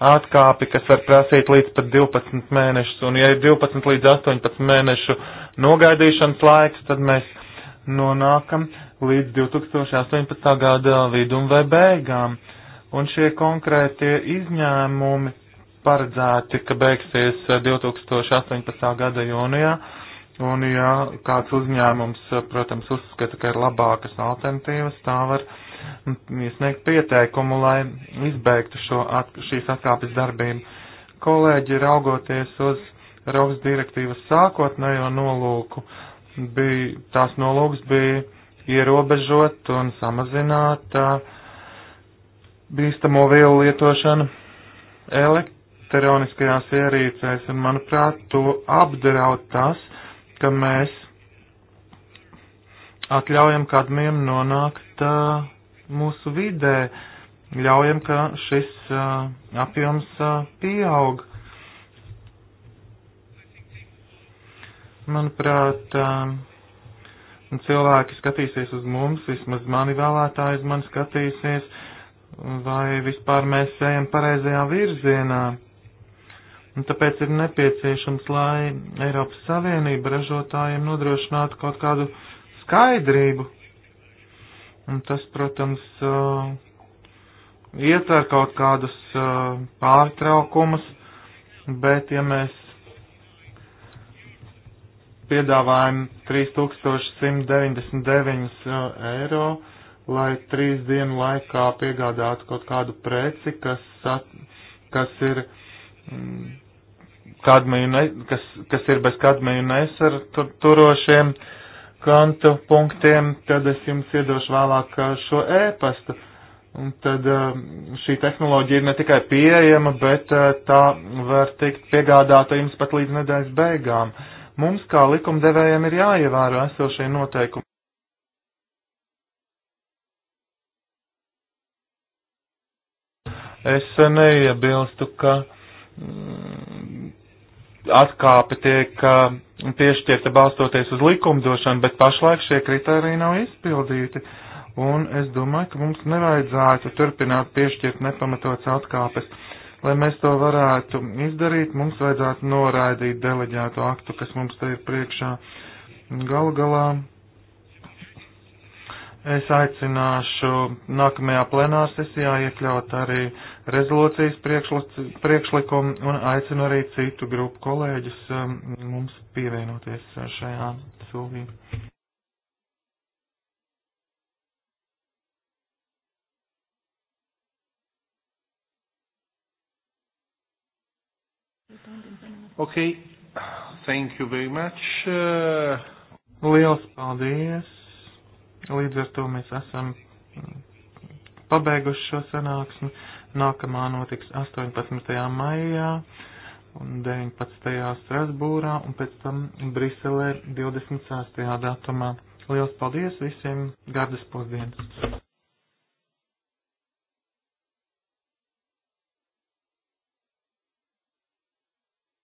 atkāpi, kas var prasīt līdz pat 12 mēnešus, un ja ir 12 līdz 18 mēnešu nogaidīšanas laiks, tad mēs nonākam līdz 2018. gada vidum vai beigām. Un šie konkrētie izņēmumi paredzēti, ka beigsies 2018. Eh, gada jūnijā. Un, ja kāds uzņēmums, eh, protams, uzskata, ka ir labākas alternatīvas, tā var iesniegt pieteikumu, lai izbeigtu šo, at, šīs atkāpes darbību. Kolēģi, raugoties uz Rauks direktīvas sākotnējo nolūku, bija, tās nolūks bija ierobežot un samazināt uh, bīstamo vielu lietošanu elekt elektroniskajās ierīcēs, un manuprāt, to apdraud tas, ka mēs atļaujam kadmiem nonākt uh, mūsu vidē, ļaujam, ka šis uh, apjoms uh, pieaug. Manuprāt, uh, cilvēki skatīsies uz mums, vismaz mani vēlētāji uz mani skatīsies, vai vispār mēs ejam pareizajā virzienā. Un nu, tāpēc ir nepieciešams, lai Eiropas Savienība ražotājiem nodrošinātu kaut kādu skaidrību. Un tas, protams, uh, ietver kaut kādus uh, pārtraukumus, bet ja mēs piedāvājam 3199 uh, eiro, lai trīs dienu laikā piegādātu kaut kādu preci, kas, kas ir kadmiju, ne, kas, kas ir bez kadmiju nesar turošiem kontu punktiem, tad es jums iedošu vēlāk uh, šo ēpastu. Un tad uh, šī tehnoloģija ir ne tikai pieejama, bet uh, tā var tikt piegādāta jums pat līdz nedēļas beigām. Mums kā likumdevējiem ir jāievēro esošie noteikumi. Es neiebilstu, ka Mm, atkāpe tiek piešķirta uh, balstoties uz likumdošanu, bet pašlaik šie kriteriji nav izpildīti. Un es domāju, ka mums nevajadzētu turpināt piešķirt nepamatots atkāpes. Lai mēs to varētu izdarīt, mums vajadzētu noraidīt deleģēto aktu, kas mums te ir priekšā. Galu galā Es aicināšu nākamajā plenārsesijā iekļaut arī rezolūcijas priekšlikumu un aicinu arī citu grupu kolēģus um, mums pievienoties šajā sūvī. Okay, thank you very much. Uh... Liels paldies! Līdz ar to mēs esam pabeiguši šo sanāksmi. Nākamā notiks 18. maijā un 19. Strasbūrā un pēc tam Briselē 26. datumā. Liels paldies visiem! Gardas pusdienas!